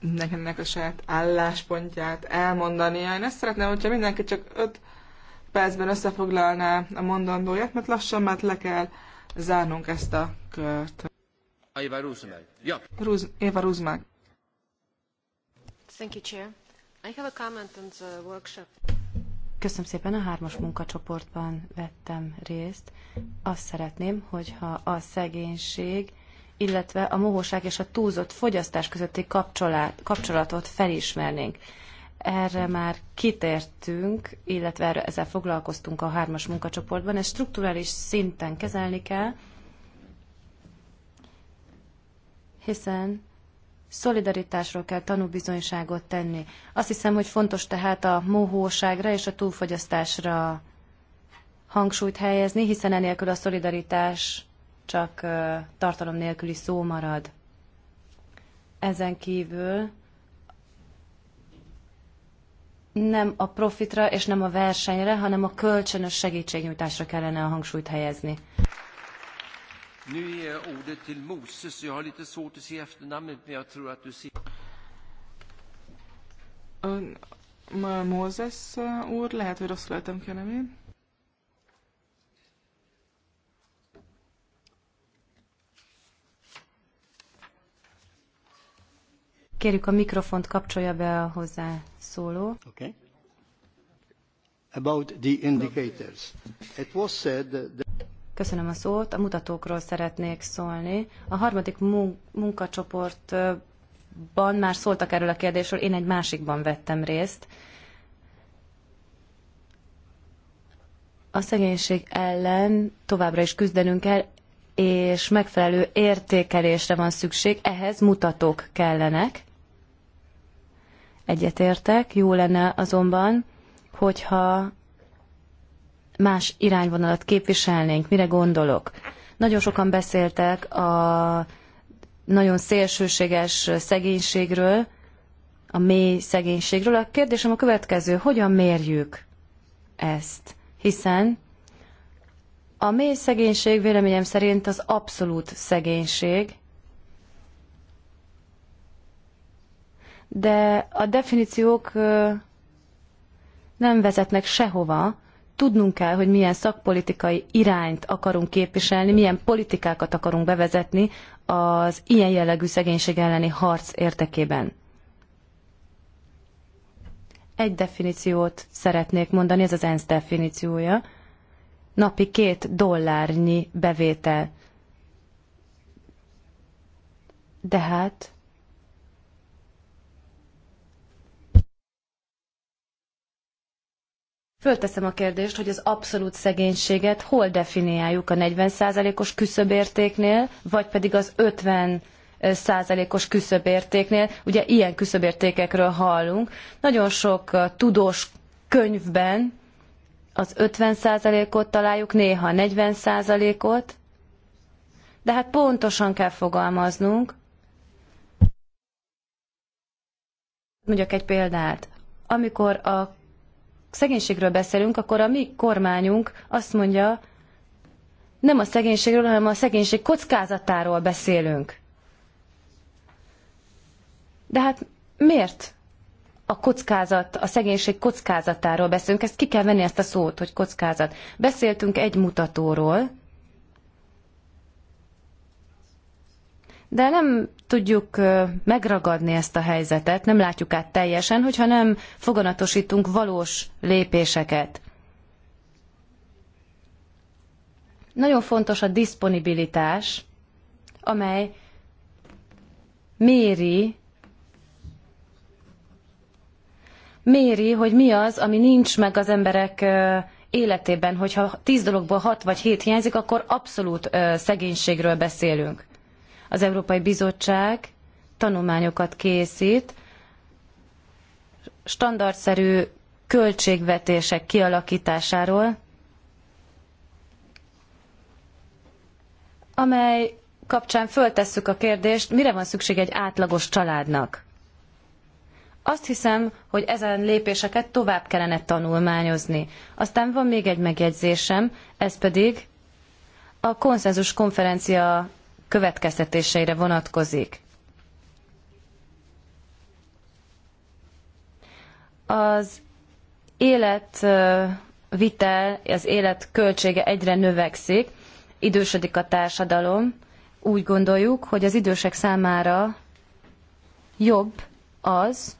C: nekem a saját álláspontját elmondania. Én ezt szeretném, hogyha mindenki csak öt percben összefoglalná a mondandóját, mert lassan már le kell zárnunk ezt a kört.
A: Éva Ruzmák.
C: Ja. Ruz, Éva Ruzmák.
E: Thank you, Chair. I have a comment on the workshop. Köszönöm szépen, a hármas munkacsoportban vettem részt. Azt szeretném, hogyha a szegénység, illetve a mohóság és a túlzott fogyasztás közötti kapcsolat, kapcsolatot felismernénk. Erre már kitértünk, illetve erre, ezzel foglalkoztunk a hármas munkacsoportban, ezt strukturális szinten kezelni kell, hiszen szolidaritásról kell tanúbizonyságot tenni. Azt hiszem, hogy fontos tehát a mohóságra és a túlfogyasztásra hangsúlyt helyezni, hiszen enélkül a szolidaritás csak tartalom nélküli szó marad. Ezen kívül nem a profitra és nem a versenyre, hanem a kölcsönös segítségnyújtásra kellene a hangsúlyt helyezni.
A: Nu ger jag ordet till Moses. Jag har lite svårt att se efternamnet, men jag tror att du ser...
C: Moses úr, eh, lehet, hogy rosszul lehetem ki a nevén.
E: Kérjük a mikrofont kapcsolja be a hozzá szóló.
A: Okay. About the indicators. It was said that
E: Köszönöm a szót. A mutatókról szeretnék szólni. A harmadik munkacsoportban már szóltak erről a kérdésről, én egy másikban vettem részt. A szegénység ellen továbbra is küzdenünk kell, és megfelelő értékelésre van szükség, ehhez mutatók kellenek. Egyetértek, jó lenne azonban, hogyha más irányvonalat képviselnénk, mire gondolok. Nagyon sokan beszéltek a nagyon szélsőséges szegénységről, a mély szegénységről. A kérdésem a következő, hogyan mérjük ezt? Hiszen a mély szegénység véleményem szerint az abszolút szegénység, de a definíciók nem vezetnek sehova, Tudnunk kell, hogy milyen szakpolitikai irányt akarunk képviselni, milyen politikákat akarunk bevezetni az ilyen jellegű szegénység elleni harc értekében. Egy definíciót szeretnék mondani, ez az ENSZ definíciója. Napi két dollárnyi bevétel. De hát Fölteszem a kérdést, hogy az abszolút szegénységet hol definiáljuk a 40%-os küszöbértéknél, vagy pedig az 50 százalékos küszöbértéknél. Ugye ilyen küszöbértékekről hallunk. Nagyon sok uh, tudós könyvben az 50 százalékot találjuk, néha 40 százalékot, de hát pontosan kell fogalmaznunk. Mondjak egy példát. Amikor a szegénységről beszélünk, akkor a mi kormányunk azt mondja, nem a szegénységről, hanem a szegénység kockázatáról beszélünk. De hát miért a kockázat, a szegénység kockázatáról beszélünk? Ezt ki kell venni ezt a szót, hogy kockázat. Beszéltünk egy mutatóról, de nem tudjuk megragadni ezt a helyzetet, nem látjuk át teljesen, hogyha nem foganatosítunk valós lépéseket. Nagyon fontos a diszponibilitás, amely méri, méri, hogy mi az, ami nincs meg az emberek életében, hogyha tíz dologból hat vagy hét hiányzik, akkor abszolút szegénységről beszélünk. Az Európai Bizottság tanulmányokat készít, standardszerű költségvetések kialakításáról, amely kapcsán föltesszük a kérdést, mire van szükség egy átlagos családnak. Azt hiszem, hogy ezen lépéseket tovább kellene tanulmányozni. Aztán van még egy megjegyzésem, ez pedig a konszenzus konferencia következtetéseire vonatkozik. Az életvitel, az élet költsége egyre növekszik, idősödik a társadalom, úgy gondoljuk, hogy az idősek számára jobb az,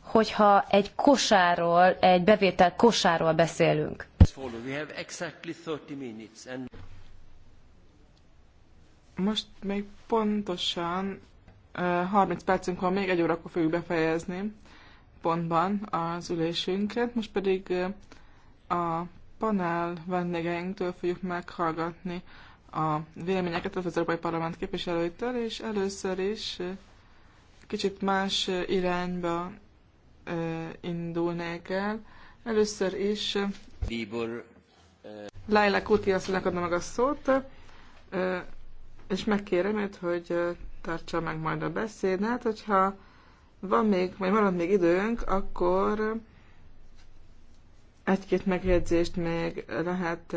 E: hogyha egy kosáról, egy bevétel kosáról beszélünk
A: follow. We have exactly 30 minutes and
C: most még pontosan 30 percünk van, még egy órakor fogjuk befejezni pontban az ülésünket. Most pedig a panel vendégeinktől fogjuk meghallgatni a véleményeket az Európai Parlament képviselőitől, és először is kicsit más irányba indulnék el. Először is Bíbor. Kuti asszonynak adom meg a szót, és megkérem őt, hogy tartsa meg majd a beszédet, hogyha van még, vagy marad még időnk, akkor egy-két megjegyzést még lehet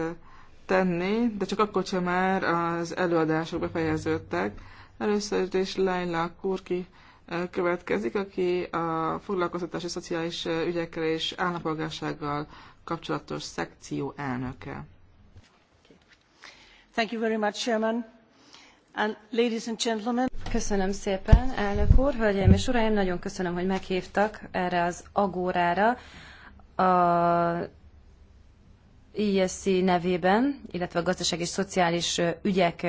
C: tenni, de csak akkor sem már az előadások befejeződtek. Először is Laila Kurki következik, aki a foglalkoztatási szociális ügyekkel és állampolgársággal kapcsolatos szekció elnöke. Thank you very much, Chairman.
E: And ladies and gentlemen. Köszönöm szépen, elnök úr, hölgyeim és uraim, nagyon köszönöm, hogy meghívtak erre az agórára. A ISC nevében, illetve a gazdaság és szociális ügyek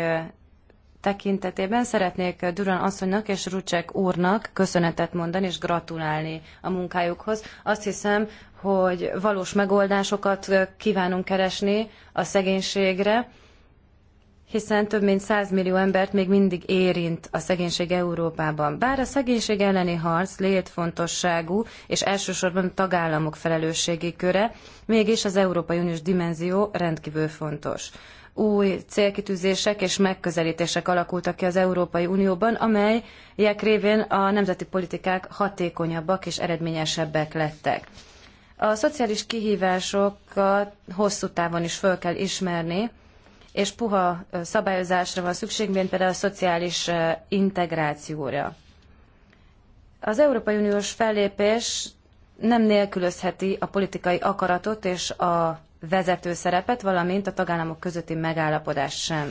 E: tekintetében szeretnék Duran asszonynak és Rucsek úrnak köszönetet mondani és gratulálni a munkájukhoz. Azt hiszem, hogy valós megoldásokat kívánunk keresni a szegénységre, hiszen több mint 100 millió embert még mindig érint a szegénység Európában. Bár a szegénység elleni harc létfontosságú és elsősorban a tagállamok felelősségi köre, mégis az Európai Uniós dimenzió rendkívül fontos. Új célkitűzések és megközelítések alakultak ki az Európai Unióban, amelyek révén a nemzeti politikák hatékonyabbak és eredményesebbek lettek. A szociális kihívásokat hosszú távon is föl kell ismerni, és puha szabályozásra van szükség, mint például a szociális integrációra. Az Európai Uniós fellépés nem nélkülözheti a politikai akaratot és a vezető szerepet, valamint a tagállamok közötti megállapodás sem.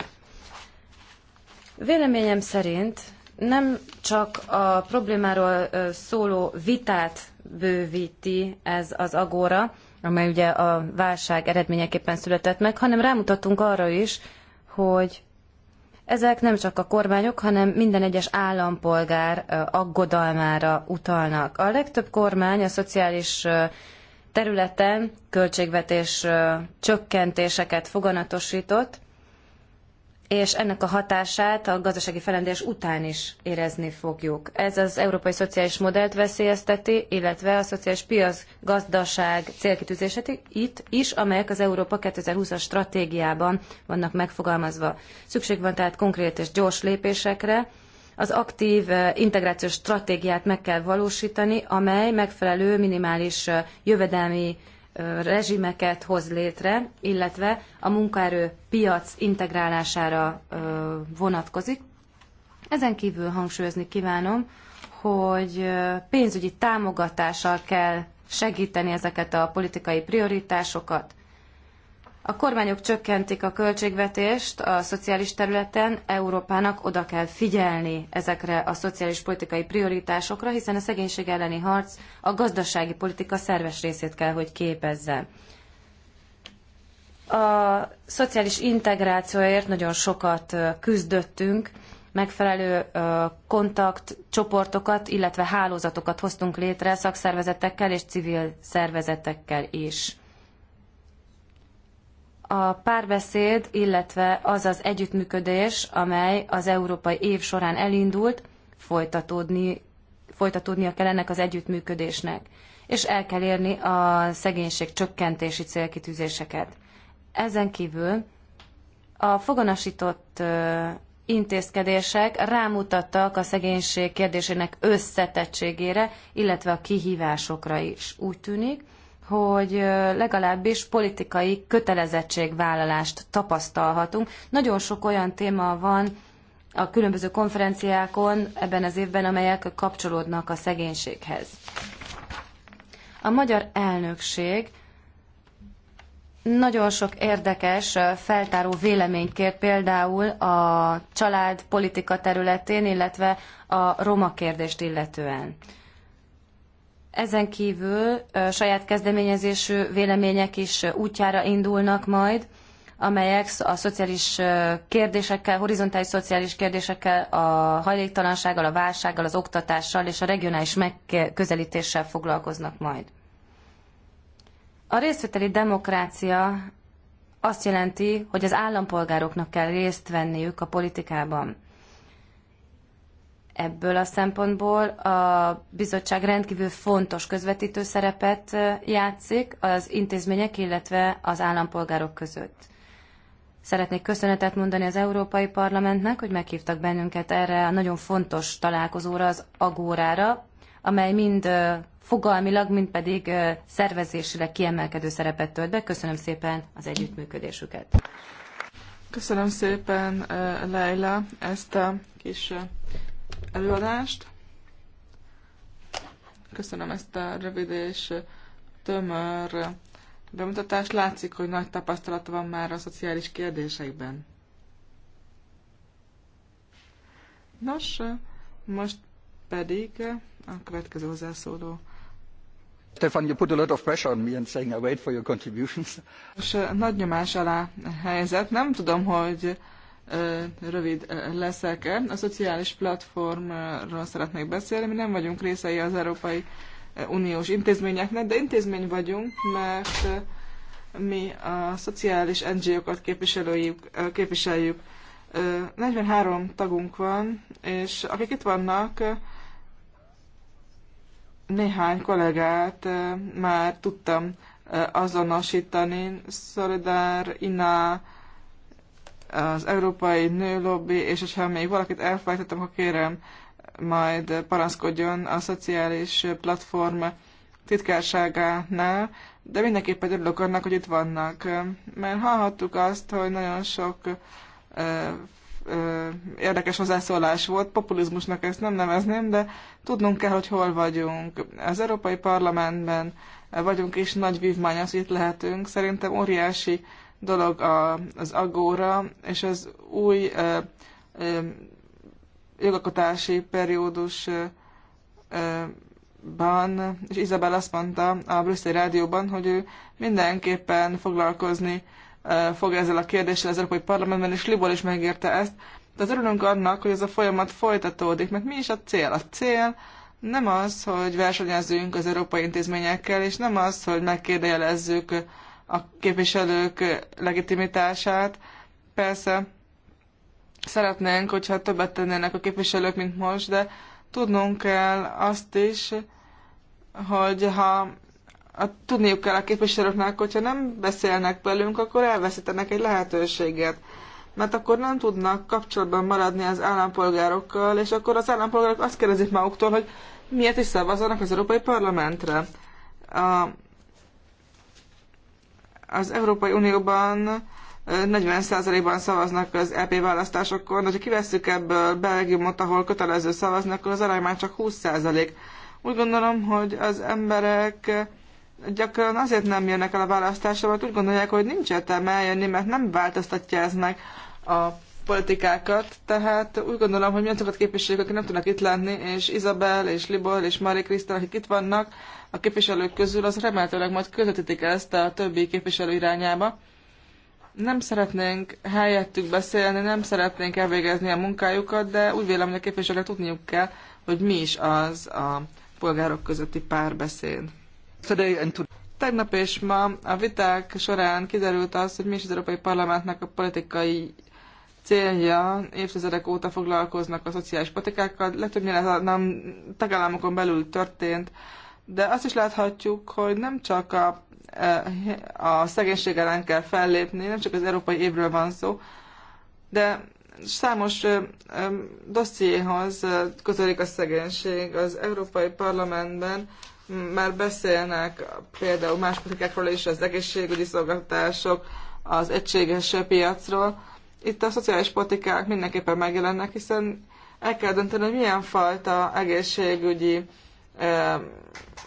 E: Véleményem szerint nem csak a problémáról szóló vitát bővíti ez az agóra, amely ugye a válság eredményeképpen született meg, hanem rámutattunk arra is, hogy ezek nem csak a kormányok, hanem minden egyes állampolgár aggodalmára utalnak. A legtöbb kormány a szociális területen költségvetés csökkentéseket foganatosított, és ennek a hatását a gazdasági felendés után is érezni fogjuk. Ez az európai szociális modellt veszélyezteti, illetve a szociális piac gazdaság célkitűzését itt is, amelyek az Európa 2020-as stratégiában vannak megfogalmazva. Szükség van tehát konkrét és gyors lépésekre, az aktív eh, integrációs stratégiát meg kell valósítani, amely megfelelő minimális eh, jövedelmi rezsimeket hoz létre, illetve a munkaerő piac integrálására vonatkozik. Ezen kívül hangsúlyozni kívánom, hogy pénzügyi támogatással kell segíteni ezeket a politikai prioritásokat. A kormányok csökkentik a költségvetést a szociális területen, Európának oda kell figyelni ezekre a szociális politikai prioritásokra, hiszen a szegénység elleni harc a gazdasági politika szerves részét kell, hogy képezze. A szociális integrációért nagyon sokat küzdöttünk, megfelelő kontaktcsoportokat, illetve hálózatokat hoztunk létre szakszervezetekkel és civil szervezetekkel is a párbeszéd, illetve az az együttműködés, amely az európai év során elindult, folytatódni, folytatódnia kell ennek az együttműködésnek, és el kell érni a szegénység csökkentési célkitűzéseket. Ezen kívül a foganasított intézkedések rámutattak a szegénység kérdésének összetettségére, illetve a kihívásokra is. Úgy tűnik, hogy legalábbis politikai kötelezettségvállalást tapasztalhatunk. Nagyon sok olyan téma van a különböző konferenciákon ebben az évben, amelyek kapcsolódnak a szegénységhez. A magyar elnökség nagyon sok érdekes feltáró vélemény kér például a családpolitika területén, illetve a roma kérdést illetően. Ezen kívül saját kezdeményezésű vélemények is útjára indulnak majd, amelyek a szociális kérdésekkel, horizontális szociális kérdésekkel, a hajléktalansággal, a válsággal, az oktatással és a regionális megközelítéssel foglalkoznak majd. A részvételi demokrácia azt jelenti, hogy az állampolgároknak kell részt venniük a politikában. Ebből a szempontból a bizottság rendkívül fontos közvetítő szerepet játszik az intézmények, illetve az állampolgárok között. Szeretnék köszönetet mondani az Európai Parlamentnek, hogy meghívtak bennünket erre a nagyon fontos találkozóra, az Agórára, amely mind fogalmilag, mind pedig szervezésileg kiemelkedő szerepet tölt be. Köszönöm
C: szépen az együttműködésüket. Köszönöm szépen, Leila, ezt a kis előadást. Köszönöm ezt a rövid és tömör bemutatást. Látszik, hogy nagy tapasztalata van már a szociális kérdésekben. Nos, most pedig a következő hozzászóló.
A: Stefan, you put a lot of pressure on me and saying I wait for your contributions.
C: Most nagy nyomás alá helyzet. Nem tudom, hogy rövid leszek. A szociális platformról szeretnék beszélni. Mi nem vagyunk részei az Európai Uniós intézményeknek, de intézmény vagyunk, mert mi a szociális NGO-kat képviseljük. 43 tagunk van, és akik itt vannak, néhány kollégát már tudtam azonosítani. Szolidár, Iná, az Európai Nőlobbi, és hogyha még valakit elfelejtettem, akkor kérem, majd paraszkodjon a szociális platform titkárságánál, de mindenképpen örülök annak, hogy itt vannak. Mert hallhattuk azt, hogy nagyon sok ö, ö, érdekes hozzászólás volt, populizmusnak ezt nem nevezném, de tudnunk kell, hogy hol vagyunk. Az Európai Parlamentben vagyunk, és nagy vívmány az, hogy itt lehetünk. Szerintem óriási dolog a, az agóra, és az új ö, ö, jogakotási periódusban, és Izabel azt mondta a Brüsszeli Rádióban, hogy ő mindenképpen foglalkozni ö, fog ezzel a kérdéssel az Európai Parlamentben, és Libor is megérte ezt. De az örülünk annak, hogy ez a folyamat folytatódik, mert mi is a cél? A cél nem az, hogy versenyezzünk az európai intézményekkel, és nem az, hogy megkérdejelezzük a képviselők legitimitását. Persze szeretnénk, hogyha többet tennének a képviselők, mint most, de tudnunk kell azt is, hogy ha a, tudniuk kell a képviselőknek, hogyha nem beszélnek velünk, akkor elveszítenek egy lehetőséget. Mert akkor nem tudnak kapcsolatban maradni az állampolgárokkal, és akkor az állampolgárok azt kérdezik maguktól, hogy miért is szavazzanak az Európai Parlamentre. A az Európai Unióban 40%-ban szavaznak az EP választásokon, de ha kivesszük ebből Belgiumot, ahol kötelező szavaznak, akkor az arány már csak 20%. Úgy gondolom, hogy az emberek gyakran azért nem jönnek el a választásra, mert úgy gondolják, hogy nincs értelme eljönni, mert nem változtatja ez meg a politikákat, tehát úgy gondolom, hogy mindent képviseljük, akik nem tudnak itt lenni, és Izabel, és Libor, és Mari Krisztán, akik itt vannak, a képviselők közül, az remélhetőleg majd közvetítik ezt a többi képviselő irányába. Nem szeretnénk helyettük beszélni, nem szeretnénk elvégezni a munkájukat, de úgy vélem, hogy a képviselőnek tudniuk kell, hogy mi is az a polgárok közötti párbeszéd. Tegnap és ma a viták során kiderült az, hogy mi is az Európai Parlamentnek a politikai célja, évtizedek óta foglalkoznak a szociális politikákkal, legtöbbnyire ez nem tagállamokon belül történt, de azt is láthatjuk, hogy nem csak a, e, a szegénység ellen kell fellépni, nem csak az európai évről van szó, de számos e, e, dossziéhoz kötődik a szegénység. Az Európai Parlamentben már beszélnek például más politikákról is, az egészségügyi szolgáltatások, az egységes piacról, itt a szociális politikák mindenképpen megjelennek, hiszen el kell dönteni, hogy milyen fajta egészségügyi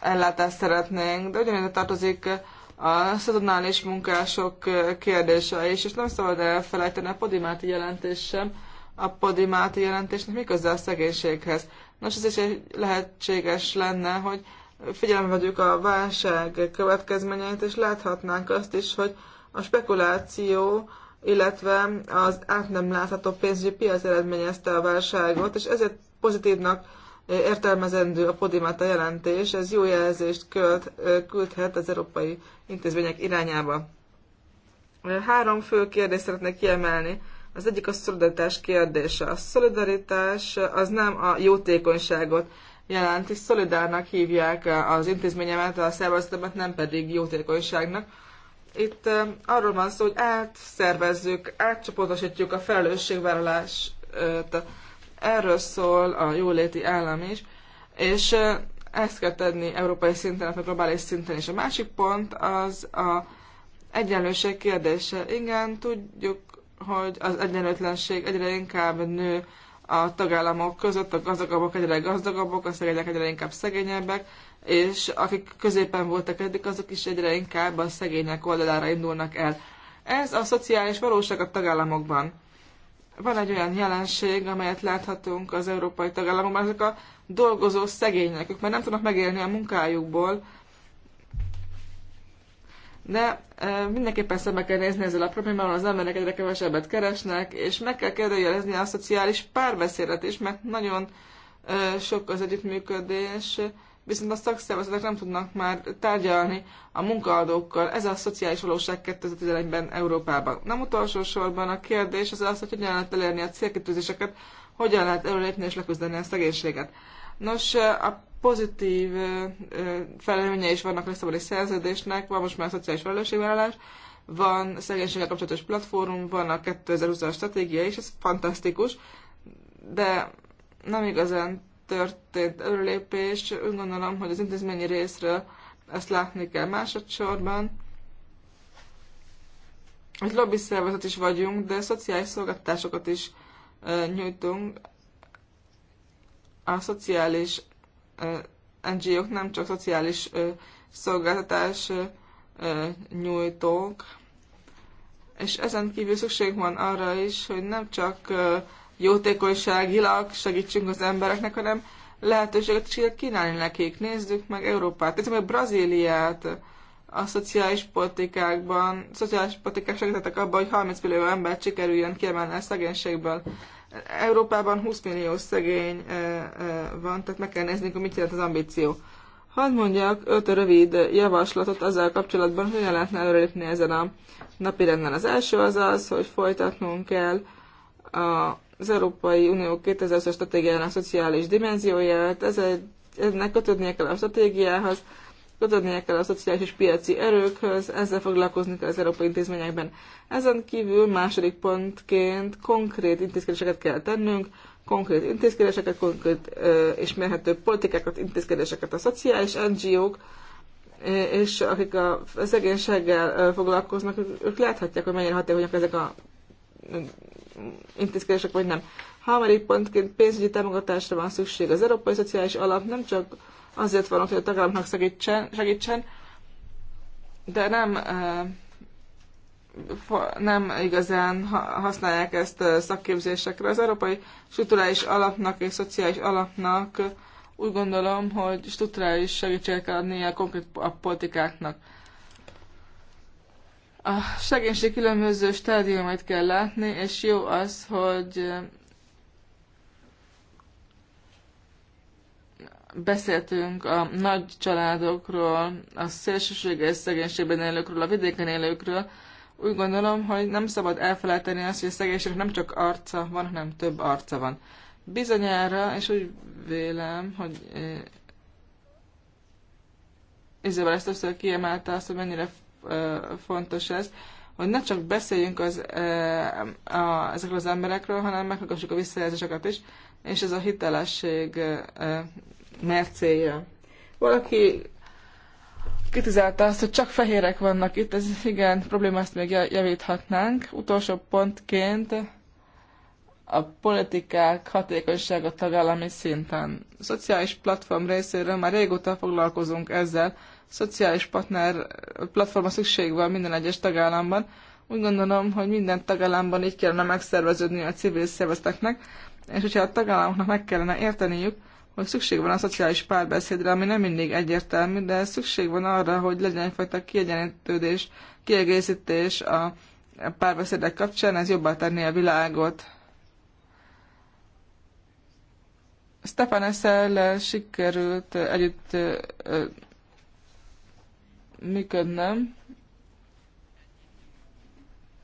C: ellátást szeretnénk, de ugyanígy tartozik a szezonális munkások kérdése is, és nem szabad elfelejteni a podimáti jelentés sem, a podimáti jelentésnek miközben a szegénységhez. Nos, ez is lehetséges lenne, hogy figyelembe vegyük a válság következményeit, és láthatnánk azt is, hogy a spekuláció illetve az át nem látható pénzügyi piac eredményezte a válságot, és ezért pozitívnak értelmezendő a Podimata jelentés, ez jó jelzést költ, küldhet az európai intézmények irányába. Három fő kérdést szeretnék kiemelni. Az egyik a szolidaritás kérdése. A szolidaritás az nem a jótékonyságot jelenti, szolidárnak hívják az intézményemet, a szervezetemet, nem pedig jótékonyságnak itt arról van szó, hogy átszervezzük, átcsoportosítjuk a felelősségvállalást. Erről szól a jóléti állam is, és ezt kell tenni európai szinten, a globális szinten is. A másik pont az a egyenlőség kérdése. Igen, tudjuk, hogy az egyenlőtlenség egyre inkább nő a tagállamok között, a gazdagabbak egyre gazdagabbak, a szegények egyre inkább szegényebbek, és akik középen voltak eddig, azok is egyre inkább a szegények oldalára indulnak el. Ez a szociális valóság a tagállamokban. Van egy olyan jelenség, amelyet láthatunk az európai tagállamokban, ezek a dolgozó szegények, ők már nem tudnak megélni a munkájukból, de e, mindenképpen szembe kell nézni ezzel a problémával, az emberek egyre kevesebbet keresnek, és meg kell kérdőjelezni a szociális párbeszédet is, mert nagyon e, sok az együttműködés, viszont a szakszervezetek nem tudnak már tárgyalni a munkaadókkal. Ez a szociális valóság 2011-ben Európában. Nem utolsó sorban a kérdés az az, hogy hogyan lehet elérni a célkitűzéseket, hogyan lehet előlépni és leküzdeni a szegénységet. Nos, a pozitív felelőnye is vannak a szabadi szerződésnek, van most már a szociális felelősségvállalás, van szegénységgel kapcsolatos platform, van a 2020-as stratégia, és ez fantasztikus, de nem igazán történt előlépés. Úgy gondolom, hogy az intézményi részről ezt látni kell másodszorban. Egy lobby szervezet is vagyunk, de szociális szolgáltatásokat is nyújtunk. A szociális NGO-k nem csak szociális szolgáltatás nyújtók, és ezen kívül szükség van arra is, hogy nem csak jótékonyságilag segítsünk az embereknek, hanem lehetőséget is kínálni nekik. Nézzük meg Európát, nézzük meg Brazíliát, a szociális politikákban, szociális politikák segítettek abban, hogy 30 millió embert sikerüljön kiemelni a szegénységből. Európában 20 millió szegény eh, eh, van, tehát meg kell néznünk, hogy mit jelent az ambíció. Hadd mondjak öt rövid javaslatot azzal kapcsolatban, hogy hogyan lehetne előrépni ezen a napi renden. Az első az az, hogy folytatnunk kell a az Európai Unió 2000-es stratégiájának szociális dimenzióját, ez egy, ennek kötődnie kell a stratégiához, kötődnie kell a szociális és piaci erőkhöz, ezzel foglalkozni kell az európai intézményekben. Ezen kívül második pontként konkrét intézkedéseket kell tennünk, konkrét intézkedéseket, konkrét ö, és mérhető politikákat, intézkedéseket a szociális NGO-k, és akik a szegénységgel foglalkoznak, ők láthatják, hogy mennyire hatékonyak ezek a intézkedések, vagy nem. Harmadik pontként pénzügyi támogatásra van szükség. Az Európai Szociális Alap nem csak azért van hogy a tagállamnak segítsen, segítsen de nem, nem igazán használják ezt szakképzésekre. Az Európai Strukturális Alapnak és Szociális Alapnak úgy gondolom, hogy strukturális segítséget kell adnia konkrét a politikáknak. A szegénység különböző stádiumait kell látni, és jó az, hogy beszéltünk a nagy családokról, a szélsőséges szegénységben élőkről, a vidéken élőkről. Úgy gondolom, hogy nem szabad elfelejteni azt, hogy a szegénység nem csak arca van, hanem több arca van. Bizonyára, és úgy vélem, hogy Izabel ezt többször kiemelte azt, hogy mennyire fontos ez, hogy ne csak beszéljünk az, a, a, ezekről az emberekről, hanem meghallgassuk a visszajelzéseket is, és ez a hitelesség mercéje. Valaki kritizálta azt, hogy csak fehérek vannak itt, ez igen, probléma, ezt még javíthatnánk. Utolsó pontként a politikák hatékonysága tagállami szinten. A szociális platform részéről már régóta foglalkozunk ezzel, szociális partner platforma szükség van minden egyes tagállamban. Úgy gondolom, hogy minden tagállamban így kellene megszerveződni a civil szervezeteknek, és hogyha a tagállamoknak meg kellene érteniük, hogy szükség van a szociális párbeszédre, ami nem mindig egyértelmű, de szükség van arra, hogy legyen egyfajta kiegyenlítődés, kiegészítés a párbeszédek kapcsán, ez jobbá tenni a világot. Eszel sikerült együtt működne,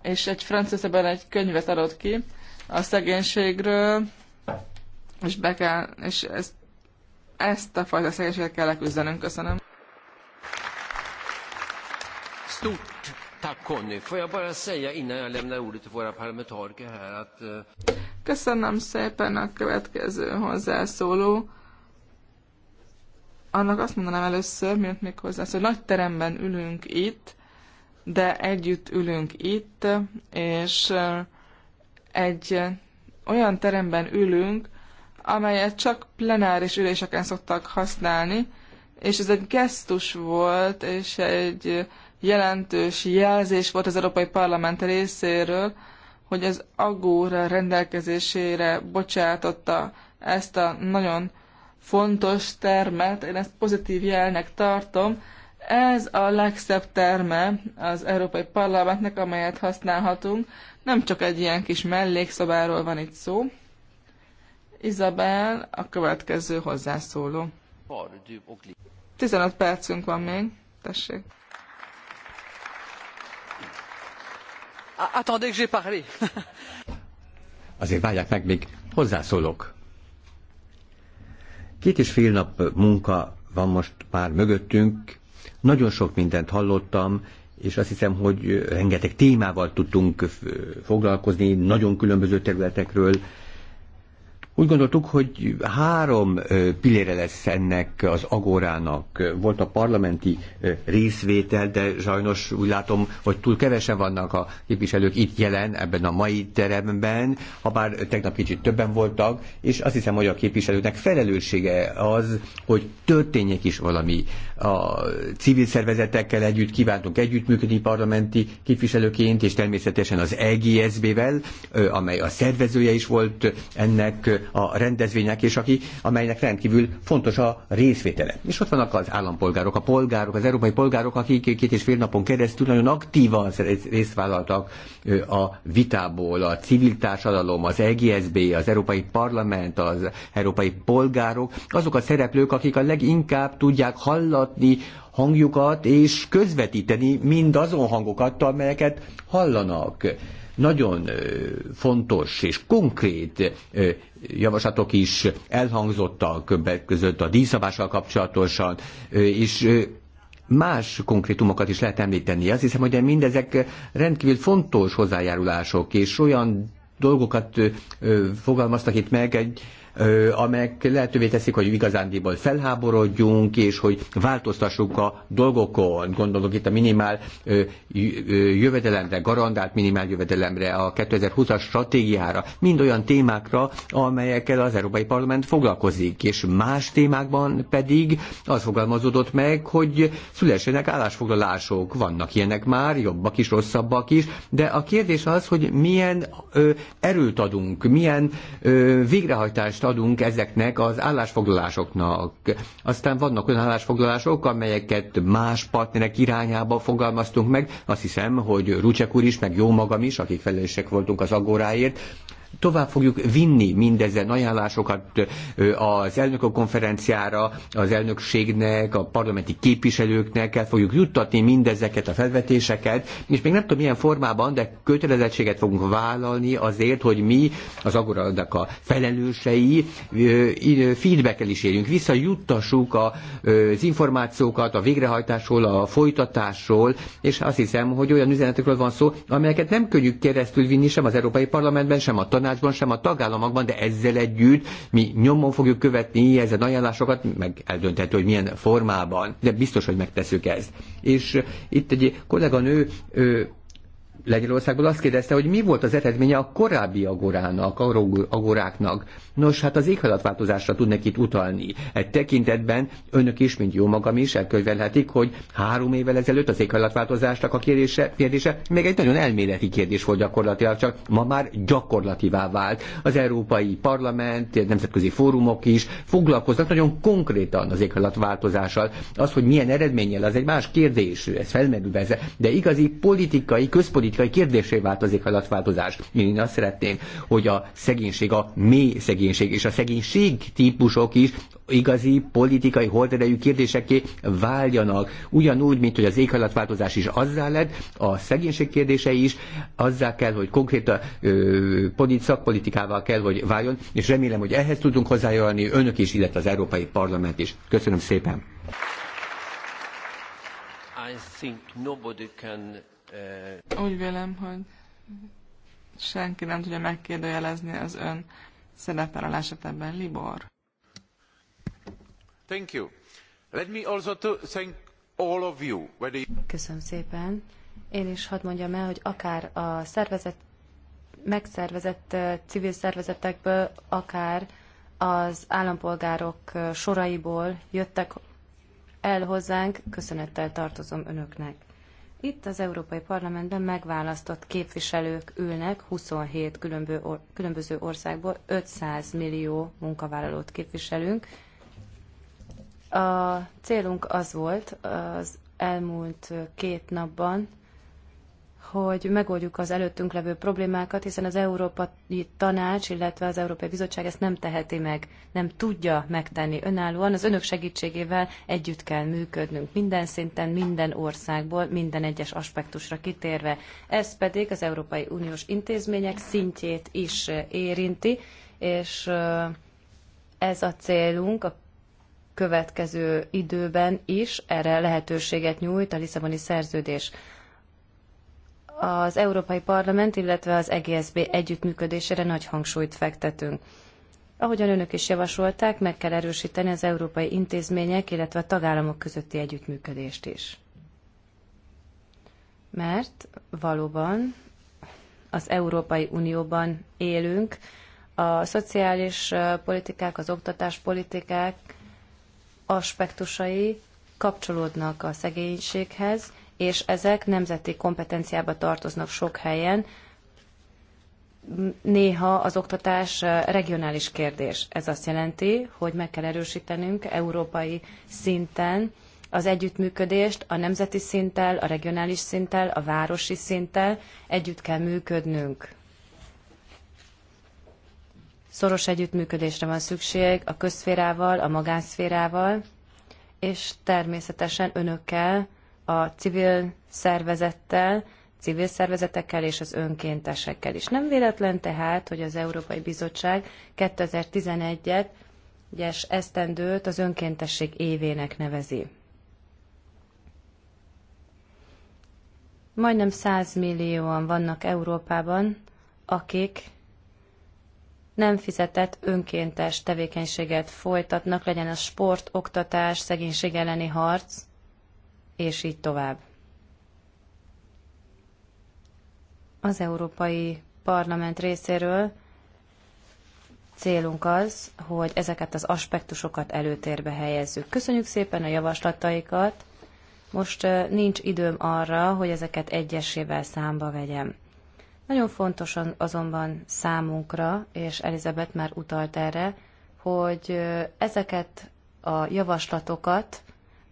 C: és egy francia egy könyvet adott ki a szegénységről, és, be kell, és ezt, ezt a fajta szegénységet kell leküzdenünk. Köszönöm. Stort
A: tack Conny. Får jag bara säga innan jag lämnar ordet till våra parlamentariker här att... Eh,
C: Köszönöm szépen a következő hozzászóló annak azt mondanám először, miért még hozzá, hogy szóval nagy teremben ülünk itt, de együtt ülünk itt, és egy olyan teremben ülünk, amelyet csak plenáris üléseken szoktak használni, és ez egy gesztus volt, és egy jelentős jelzés volt az Európai Parlament részéről, hogy az Agóra rendelkezésére bocsátotta ezt a nagyon fontos termet, én ezt pozitív jelnek tartom. Ez a legszebb terme az Európai Parlamentnek, amelyet használhatunk. Nem csak egy ilyen kis mellékszobáról van itt szó. Izabel, a következő hozzászóló. 15 percünk van még. Tessék. Ah, attendez j'ai parlé.
D: Azért várják meg, még hozzászólok. Két és fél nap munka van most már mögöttünk, nagyon sok mindent hallottam, és azt hiszem, hogy rengeteg témával tudtunk foglalkozni, nagyon különböző területekről, úgy gondoltuk, hogy három pillére lesz ennek az agorának. Volt a parlamenti részvétel, de sajnos úgy látom, hogy túl kevesen vannak a képviselők itt jelen ebben a mai teremben, ha bár tegnap kicsit többen voltak, és azt hiszem, hogy a képviselőknek felelőssége az, hogy történjék is valami. A civil szervezetekkel együtt kívántunk együttműködni parlamenti képviselőként, és természetesen az EGSB-vel, amely a szervezője is volt ennek a rendezvények és aki, amelynek rendkívül fontos a részvétele. És ott vannak az állampolgárok, a polgárok, az európai polgárok, akik két és fél napon keresztül nagyon aktívan részt vállaltak a vitából, a civil társadalom, az EGSB, az Európai Parlament, az európai polgárok, azok a szereplők, akik a leginkább tudják hallatni hangjukat és közvetíteni mindazon hangokat, amelyeket hallanak nagyon fontos és konkrét javaslatok is elhangzottak között a díjszabással kapcsolatosan, és más konkrétumokat is lehet említeni. Azt hiszem, hogy mindezek rendkívül fontos hozzájárulások, és olyan dolgokat fogalmaztak itt meg egy amelyek lehetővé teszik, hogy igazándiból felháborodjunk, és hogy változtassuk a dolgokon. Gondolok itt a minimál jövedelemre, garandált minimál jövedelemre, a 2020-as stratégiára, mind olyan témákra, amelyekkel az Európai Parlament foglalkozik, és más témákban pedig az fogalmazódott meg, hogy szülessenek állásfoglalások. Vannak ilyenek már, jobbak is, rosszabbak is, de a kérdés az, hogy milyen erőt adunk, milyen végrehajtást állást adunk ezeknek az állásfoglalásoknak. Aztán vannak olyan állásfoglalások, amelyeket más partnerek irányába fogalmaztunk meg. Azt hiszem, hogy Rucsek úr is, meg jó magam is, akik felelősek voltunk az agóráért, Tovább fogjuk vinni mindezen ajánlásokat az elnökök konferenciára, az elnökségnek, a parlamenti képviselőknek, el fogjuk juttatni mindezeket a felvetéseket, és még nem tudom milyen formában, de kötelezettséget fogunk vállalni azért, hogy mi az agoradak a felelősei feedback-el is érjünk, visszajuttassuk az információkat a végrehajtásról, a folytatásról, és azt hiszem, hogy olyan üzenetekről van szó, amelyeket nem könnyű keresztül vinni sem az Európai Parlamentben, sem a tanácsban, tanácsban, sem a tagállamokban, de ezzel együtt mi nyomon fogjuk követni ezen ajánlásokat, meg eldönthető, hogy milyen formában, de biztos, hogy megteszük ezt. És eh, itt egy kolléganő Lengyelországból azt kérdezte, hogy mi volt az eredménye a korábbi agorának, agoráknak. Nos, hát az éghajlatváltozásra tudnak itt utalni. Egy tekintetben önök is, mint jó magam is elkönyvelhetik, hogy három évvel ezelőtt az éghajlatváltozásnak a kérdése, kérdése még egy nagyon elméleti kérdés volt gyakorlatilag, csak ma már gyakorlativá vált. Az Európai Parlament, nemzetközi fórumok is foglalkoznak nagyon konkrétan az éghajlatváltozással. Az, hogy milyen eredménnyel, az egy más kérdés, ez felmerül de igazi politikai, közpolitikai politikai kérdésé változik az éghajlatváltozás Én azt szeretném, hogy a szegénység, a mély szegénység és a szegénység típusok is igazi politikai holterejű kérdéseké váljanak. Ugyanúgy, mint hogy az éghajlatváltozás is azzá lett, a szegénység kérdése is azzá kell, hogy konkrét a szakpolitikával kell, hogy váljon, és remélem, hogy ehhez tudunk hozzájárulni önök is, illetve az Európai Parlament is. Köszönöm szépen!
A: I think nobody can
C: úgy vélem, hogy senki nem tudja megkérdőjelezni az ön szerepelását ebben, Libor.
D: Thank you. Let me also to thank all of you. Whether
E: Köszönöm szépen. Én is hadd mondjam el, hogy akár a szervezet, megszervezett civil szervezetekből, akár az állampolgárok soraiból jöttek el hozzánk, köszönettel tartozom önöknek. Itt az Európai Parlamentben megválasztott képviselők ülnek 27 különböző országból, 500 millió munkavállalót képviselünk. A célunk az volt az elmúlt két napban, hogy megoldjuk az előttünk levő problémákat, hiszen az Európai Tanács, illetve az Európai Bizottság ezt nem teheti meg, nem tudja megtenni önállóan. Az önök segítségével együtt kell működnünk minden szinten, minden országból, minden egyes aspektusra kitérve. Ez pedig az Európai Uniós intézmények szintjét is érinti, és ez a célunk a következő időben is, erre lehetőséget nyújt a Lisszaboni szerződés az Európai Parlament, illetve az EGSB együttműködésére nagy hangsúlyt fektetünk. Ahogyan önök is javasolták, meg kell erősíteni az európai intézmények, illetve a tagállamok közötti együttműködést is. Mert valóban az Európai Unióban élünk, a szociális politikák, az oktatáspolitikák aspektusai kapcsolódnak a szegénységhez, és ezek nemzeti kompetenciába tartoznak sok helyen. Néha az oktatás regionális kérdés. Ez azt jelenti, hogy meg kell erősítenünk európai szinten az együttműködést a nemzeti szinttel, a regionális szinttel, a városi szinttel együtt kell működnünk. Szoros együttműködésre van szükség a közszférával, a magánszférával, és természetesen önökkel, a civil szervezettel, civil szervezetekkel és az önkéntesekkel is. Nem véletlen tehát, hogy az Európai Bizottság 2011-et egyes esztendőt az önkéntesség évének nevezi. Majdnem 100 millióan vannak Európában, akik nem fizetett önkéntes tevékenységet folytatnak, legyen az sport, oktatás, szegénység elleni harc, és így tovább. Az Európai Parlament részéről célunk az, hogy ezeket az aspektusokat előtérbe helyezzük. Köszönjük szépen a javaslataikat. Most nincs időm arra, hogy ezeket egyesével számba vegyem. Nagyon fontos azonban számunkra, és Elizabeth már utalt erre, hogy ezeket a javaslatokat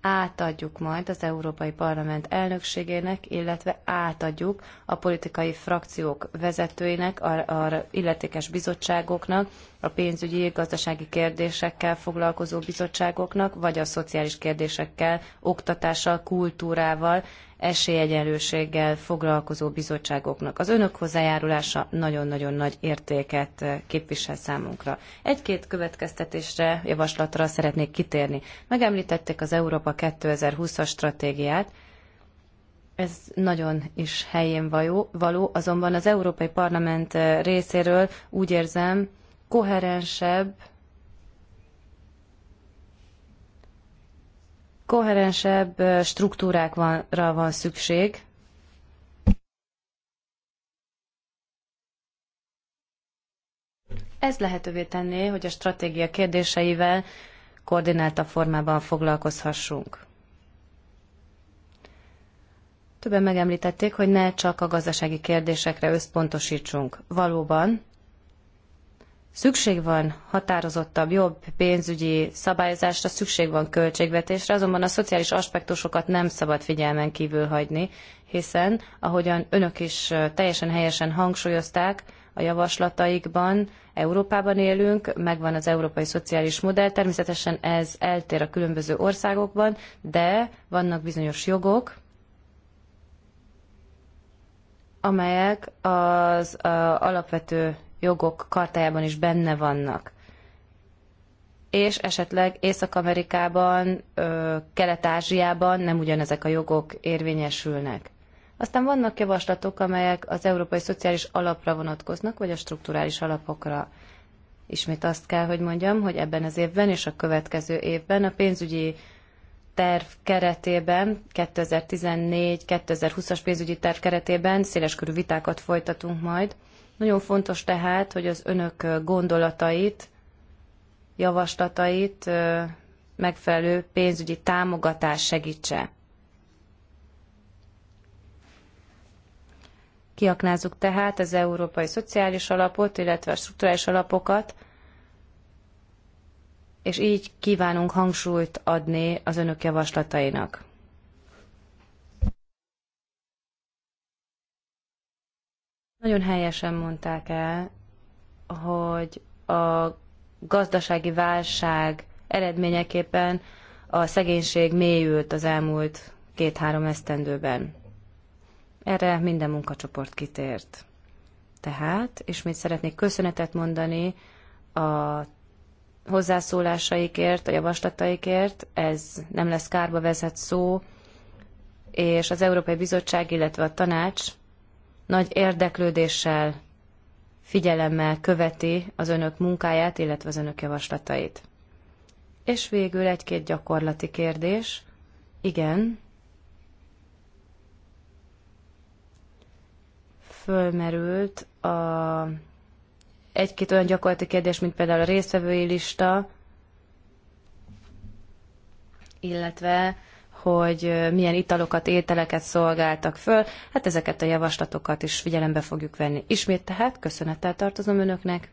E: átadjuk majd az Európai Parlament elnökségének, illetve átadjuk a politikai frakciók vezetőinek, a, a illetékes bizottságoknak, a pénzügyi, gazdasági kérdésekkel foglalkozó bizottságoknak, vagy a szociális kérdésekkel, oktatással, kultúrával, esélyegyenlőséggel foglalkozó bizottságoknak. Az önök hozzájárulása nagyon-nagyon nagy értéket eh, képvisel számunkra. Egy-két következtetésre, javaslatra szeretnék kitérni. Megemlítették az Európa 2020-as stratégiát, ez nagyon is helyén való, azonban az Európai Parlament eh, részéről úgy érzem, koherensebb, koherensebb struktúrákra van szükség, Ez lehetővé tenné, hogy a stratégia kérdéseivel koordináltabb formában foglalkozhassunk. Többen megemlítették, hogy ne csak a gazdasági kérdésekre összpontosítsunk. Valóban, Szükség van határozottabb, jobb pénzügyi szabályozásra, szükség van költségvetésre, azonban a szociális aspektusokat nem szabad figyelmen kívül hagyni, hiszen, ahogyan önök is teljesen helyesen hangsúlyozták, a javaslataikban Európában élünk, megvan az európai szociális modell, természetesen ez eltér a különböző országokban, de vannak bizonyos jogok, amelyek az alapvető jogok kartájában is benne vannak. És esetleg Észak-Amerikában, Kelet-Ázsiában nem ugyanezek a jogok érvényesülnek. Aztán vannak javaslatok, amelyek az európai szociális alapra vonatkoznak, vagy a strukturális alapokra. Ismét azt kell, hogy mondjam, hogy ebben az évben és a következő évben a pénzügyi terv keretében, 2014-2020-as pénzügyi terv keretében széleskörű vitákat folytatunk majd nagyon fontos tehát, hogy az önök gondolatait, javaslatait megfelelő pénzügyi támogatás segítse. Kiaknázzuk tehát az Európai Szociális Alapot, illetve a strukturális alapokat, és így kívánunk hangsúlyt adni az önök javaslatainak. Nagyon helyesen mondták el, hogy a gazdasági válság eredményeképpen a szegénység mélyült az elmúlt két-három esztendőben. Erre minden munkacsoport kitért. Tehát, ismét szeretnék köszönetet mondani a hozzászólásaikért, a javaslataikért, ez nem lesz kárba vezet szó, és az Európai Bizottság, illetve a tanács nagy érdeklődéssel, figyelemmel követi az önök munkáját, illetve az önök javaslatait. És végül egy-két gyakorlati kérdés. Igen. Fölmerült a egy-két olyan gyakorlati kérdés, mint például a résztvevői lista, illetve hogy milyen italokat, ételeket szolgáltak föl, hát ezeket a javaslatokat is figyelembe fogjuk venni. Ismét tehát köszönettel tartozom önöknek.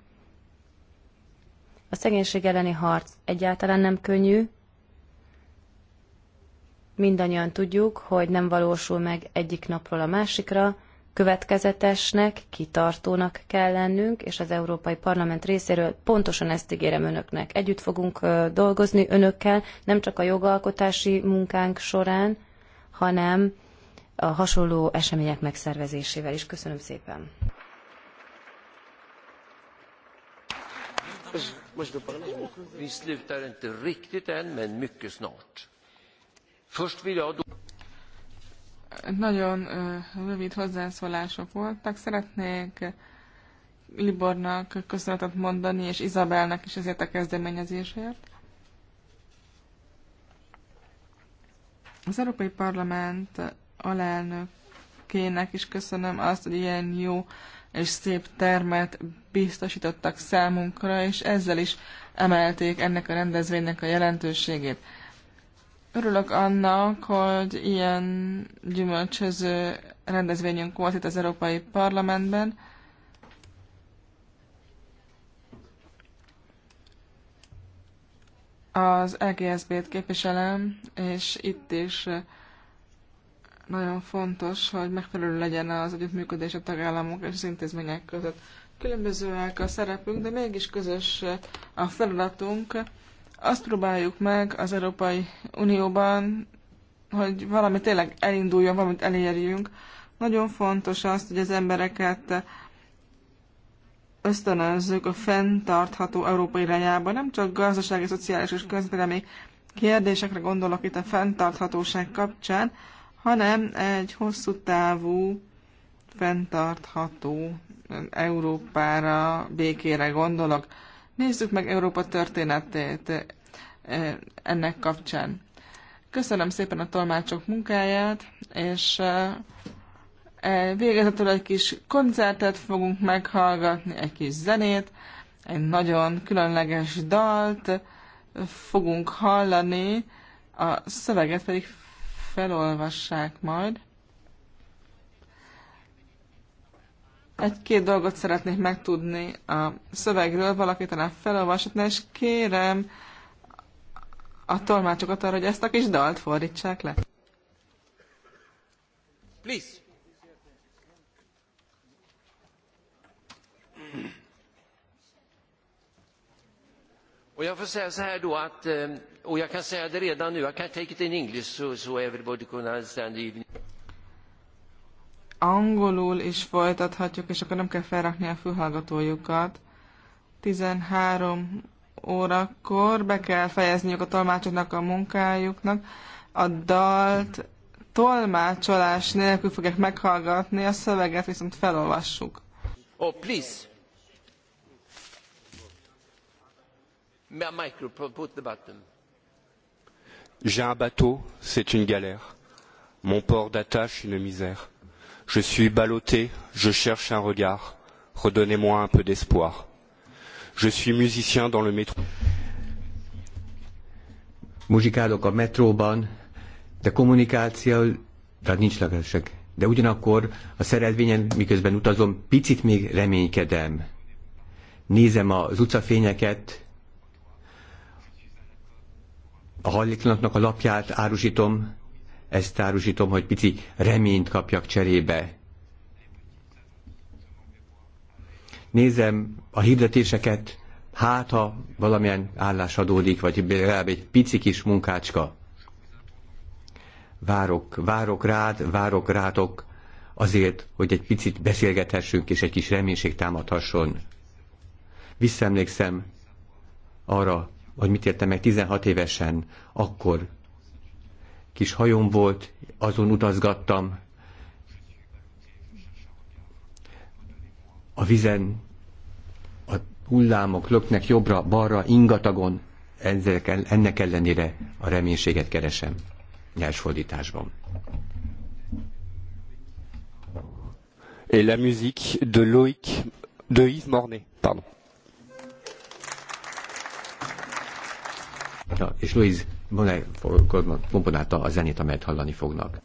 E: A szegénység elleni harc egyáltalán nem könnyű. Mindannyian tudjuk, hogy nem valósul meg egyik napról a másikra, következetesnek, kitartónak kell lennünk, és az Európai Parlament részéről pontosan ezt ígérem önöknek. Együtt fogunk dolgozni önökkel, nem csak a jogalkotási munkánk során, hanem a hasonló események megszervezésével is. Köszönöm szépen!
A: men Först vill jag
C: nagyon rövid hozzászólások voltak. Szeretnék Libornak köszönetet mondani, és Izabelnek is ezért a kezdeményezésért. Az Európai Parlament alelnökének is köszönöm azt, hogy ilyen jó és szép termet biztosítottak számunkra, és ezzel is emelték ennek a rendezvénynek a jelentőségét. Örülök annak, hogy ilyen gyümölcsöző rendezvényünk volt itt az Európai Parlamentben. Az EGSB-t képviselem, és itt is nagyon fontos, hogy megfelelő legyen az együttműködés a tagállamok és az intézmények között. Különbözőek a szerepünk, de mégis közös a feladatunk azt próbáljuk meg az Európai Unióban, hogy valami tényleg elinduljon, valamit elérjünk. Nagyon fontos az, hogy az embereket ösztönözzük a fenntartható Európa irányába. Nem csak gazdasági, szociális és közvélemény kérdésekre gondolok itt a fenntarthatóság kapcsán, hanem egy hosszú távú, fenntartható Európára, békére gondolok. Nézzük meg Európa történetét eh, ennek kapcsán. Köszönöm szépen a tolmácsok munkáját, és eh, eh, végezetül egy kis koncertet fogunk meghallgatni, egy kis zenét, egy nagyon különleges dalt fogunk hallani, a szöveget pedig felolvassák majd. Egy-két dolgot szeretnék megtudni a szövegről, valaki talán felolvashatna, és kérem a tolmácsokat arra, hogy ezt a kis dalt fordítsák le.
A: Please. Och jag får säga så här då att, eh, och jag kan säga det redan nu, jag kan take it in English so, so everybody can understand even
C: angolul is folytathatjuk, és akkor nem kell felrakni a fülhallgatójukat. 13 órakor be kell fejezniük a tolmácsoknak a munkájuknak. A dalt tolmácsolás nélkül fogják meghallgatni, a szöveget viszont felolvassuk.
A: Oh, please. Micro, put the button.
C: J'ai un bateau,
D: c'est une galère. Mon port d'attache, une misère. Je suis ballotté, je cherche un regard. Redonnez-moi un peu d'espoir. Je suis musicien dans le métro. Muzsikálok a metróban, de kommunikáció, tehát nincs lakosság. De ugyanakkor a szerelvényen, miközben utazom, picit még reménykedem. Nézem az utcafényeket, a hajléktalanoknak a lapját árusítom, ezt árusítom, hogy pici reményt kapjak cserébe. Nézem a hirdetéseket, hát ha valamilyen állás adódik, vagy legalább egy pici kis munkácska. Várok, várok rád, várok rátok, azért, hogy egy picit beszélgethessünk, és egy kis reménység támadhasson. Visszaemlékszem arra, hogy mit értem meg 16 évesen, akkor kis hajón volt, azon utazgattam. A vizen a hullámok löknek jobbra-balra, ingatagon, ennek ellenére a reménységet keresem nyersfordításban. Et la musique de Loïc, de Yves Mornay, pardon. Ja, és Louise Monet komponálta a zenét, amelyet hallani fognak.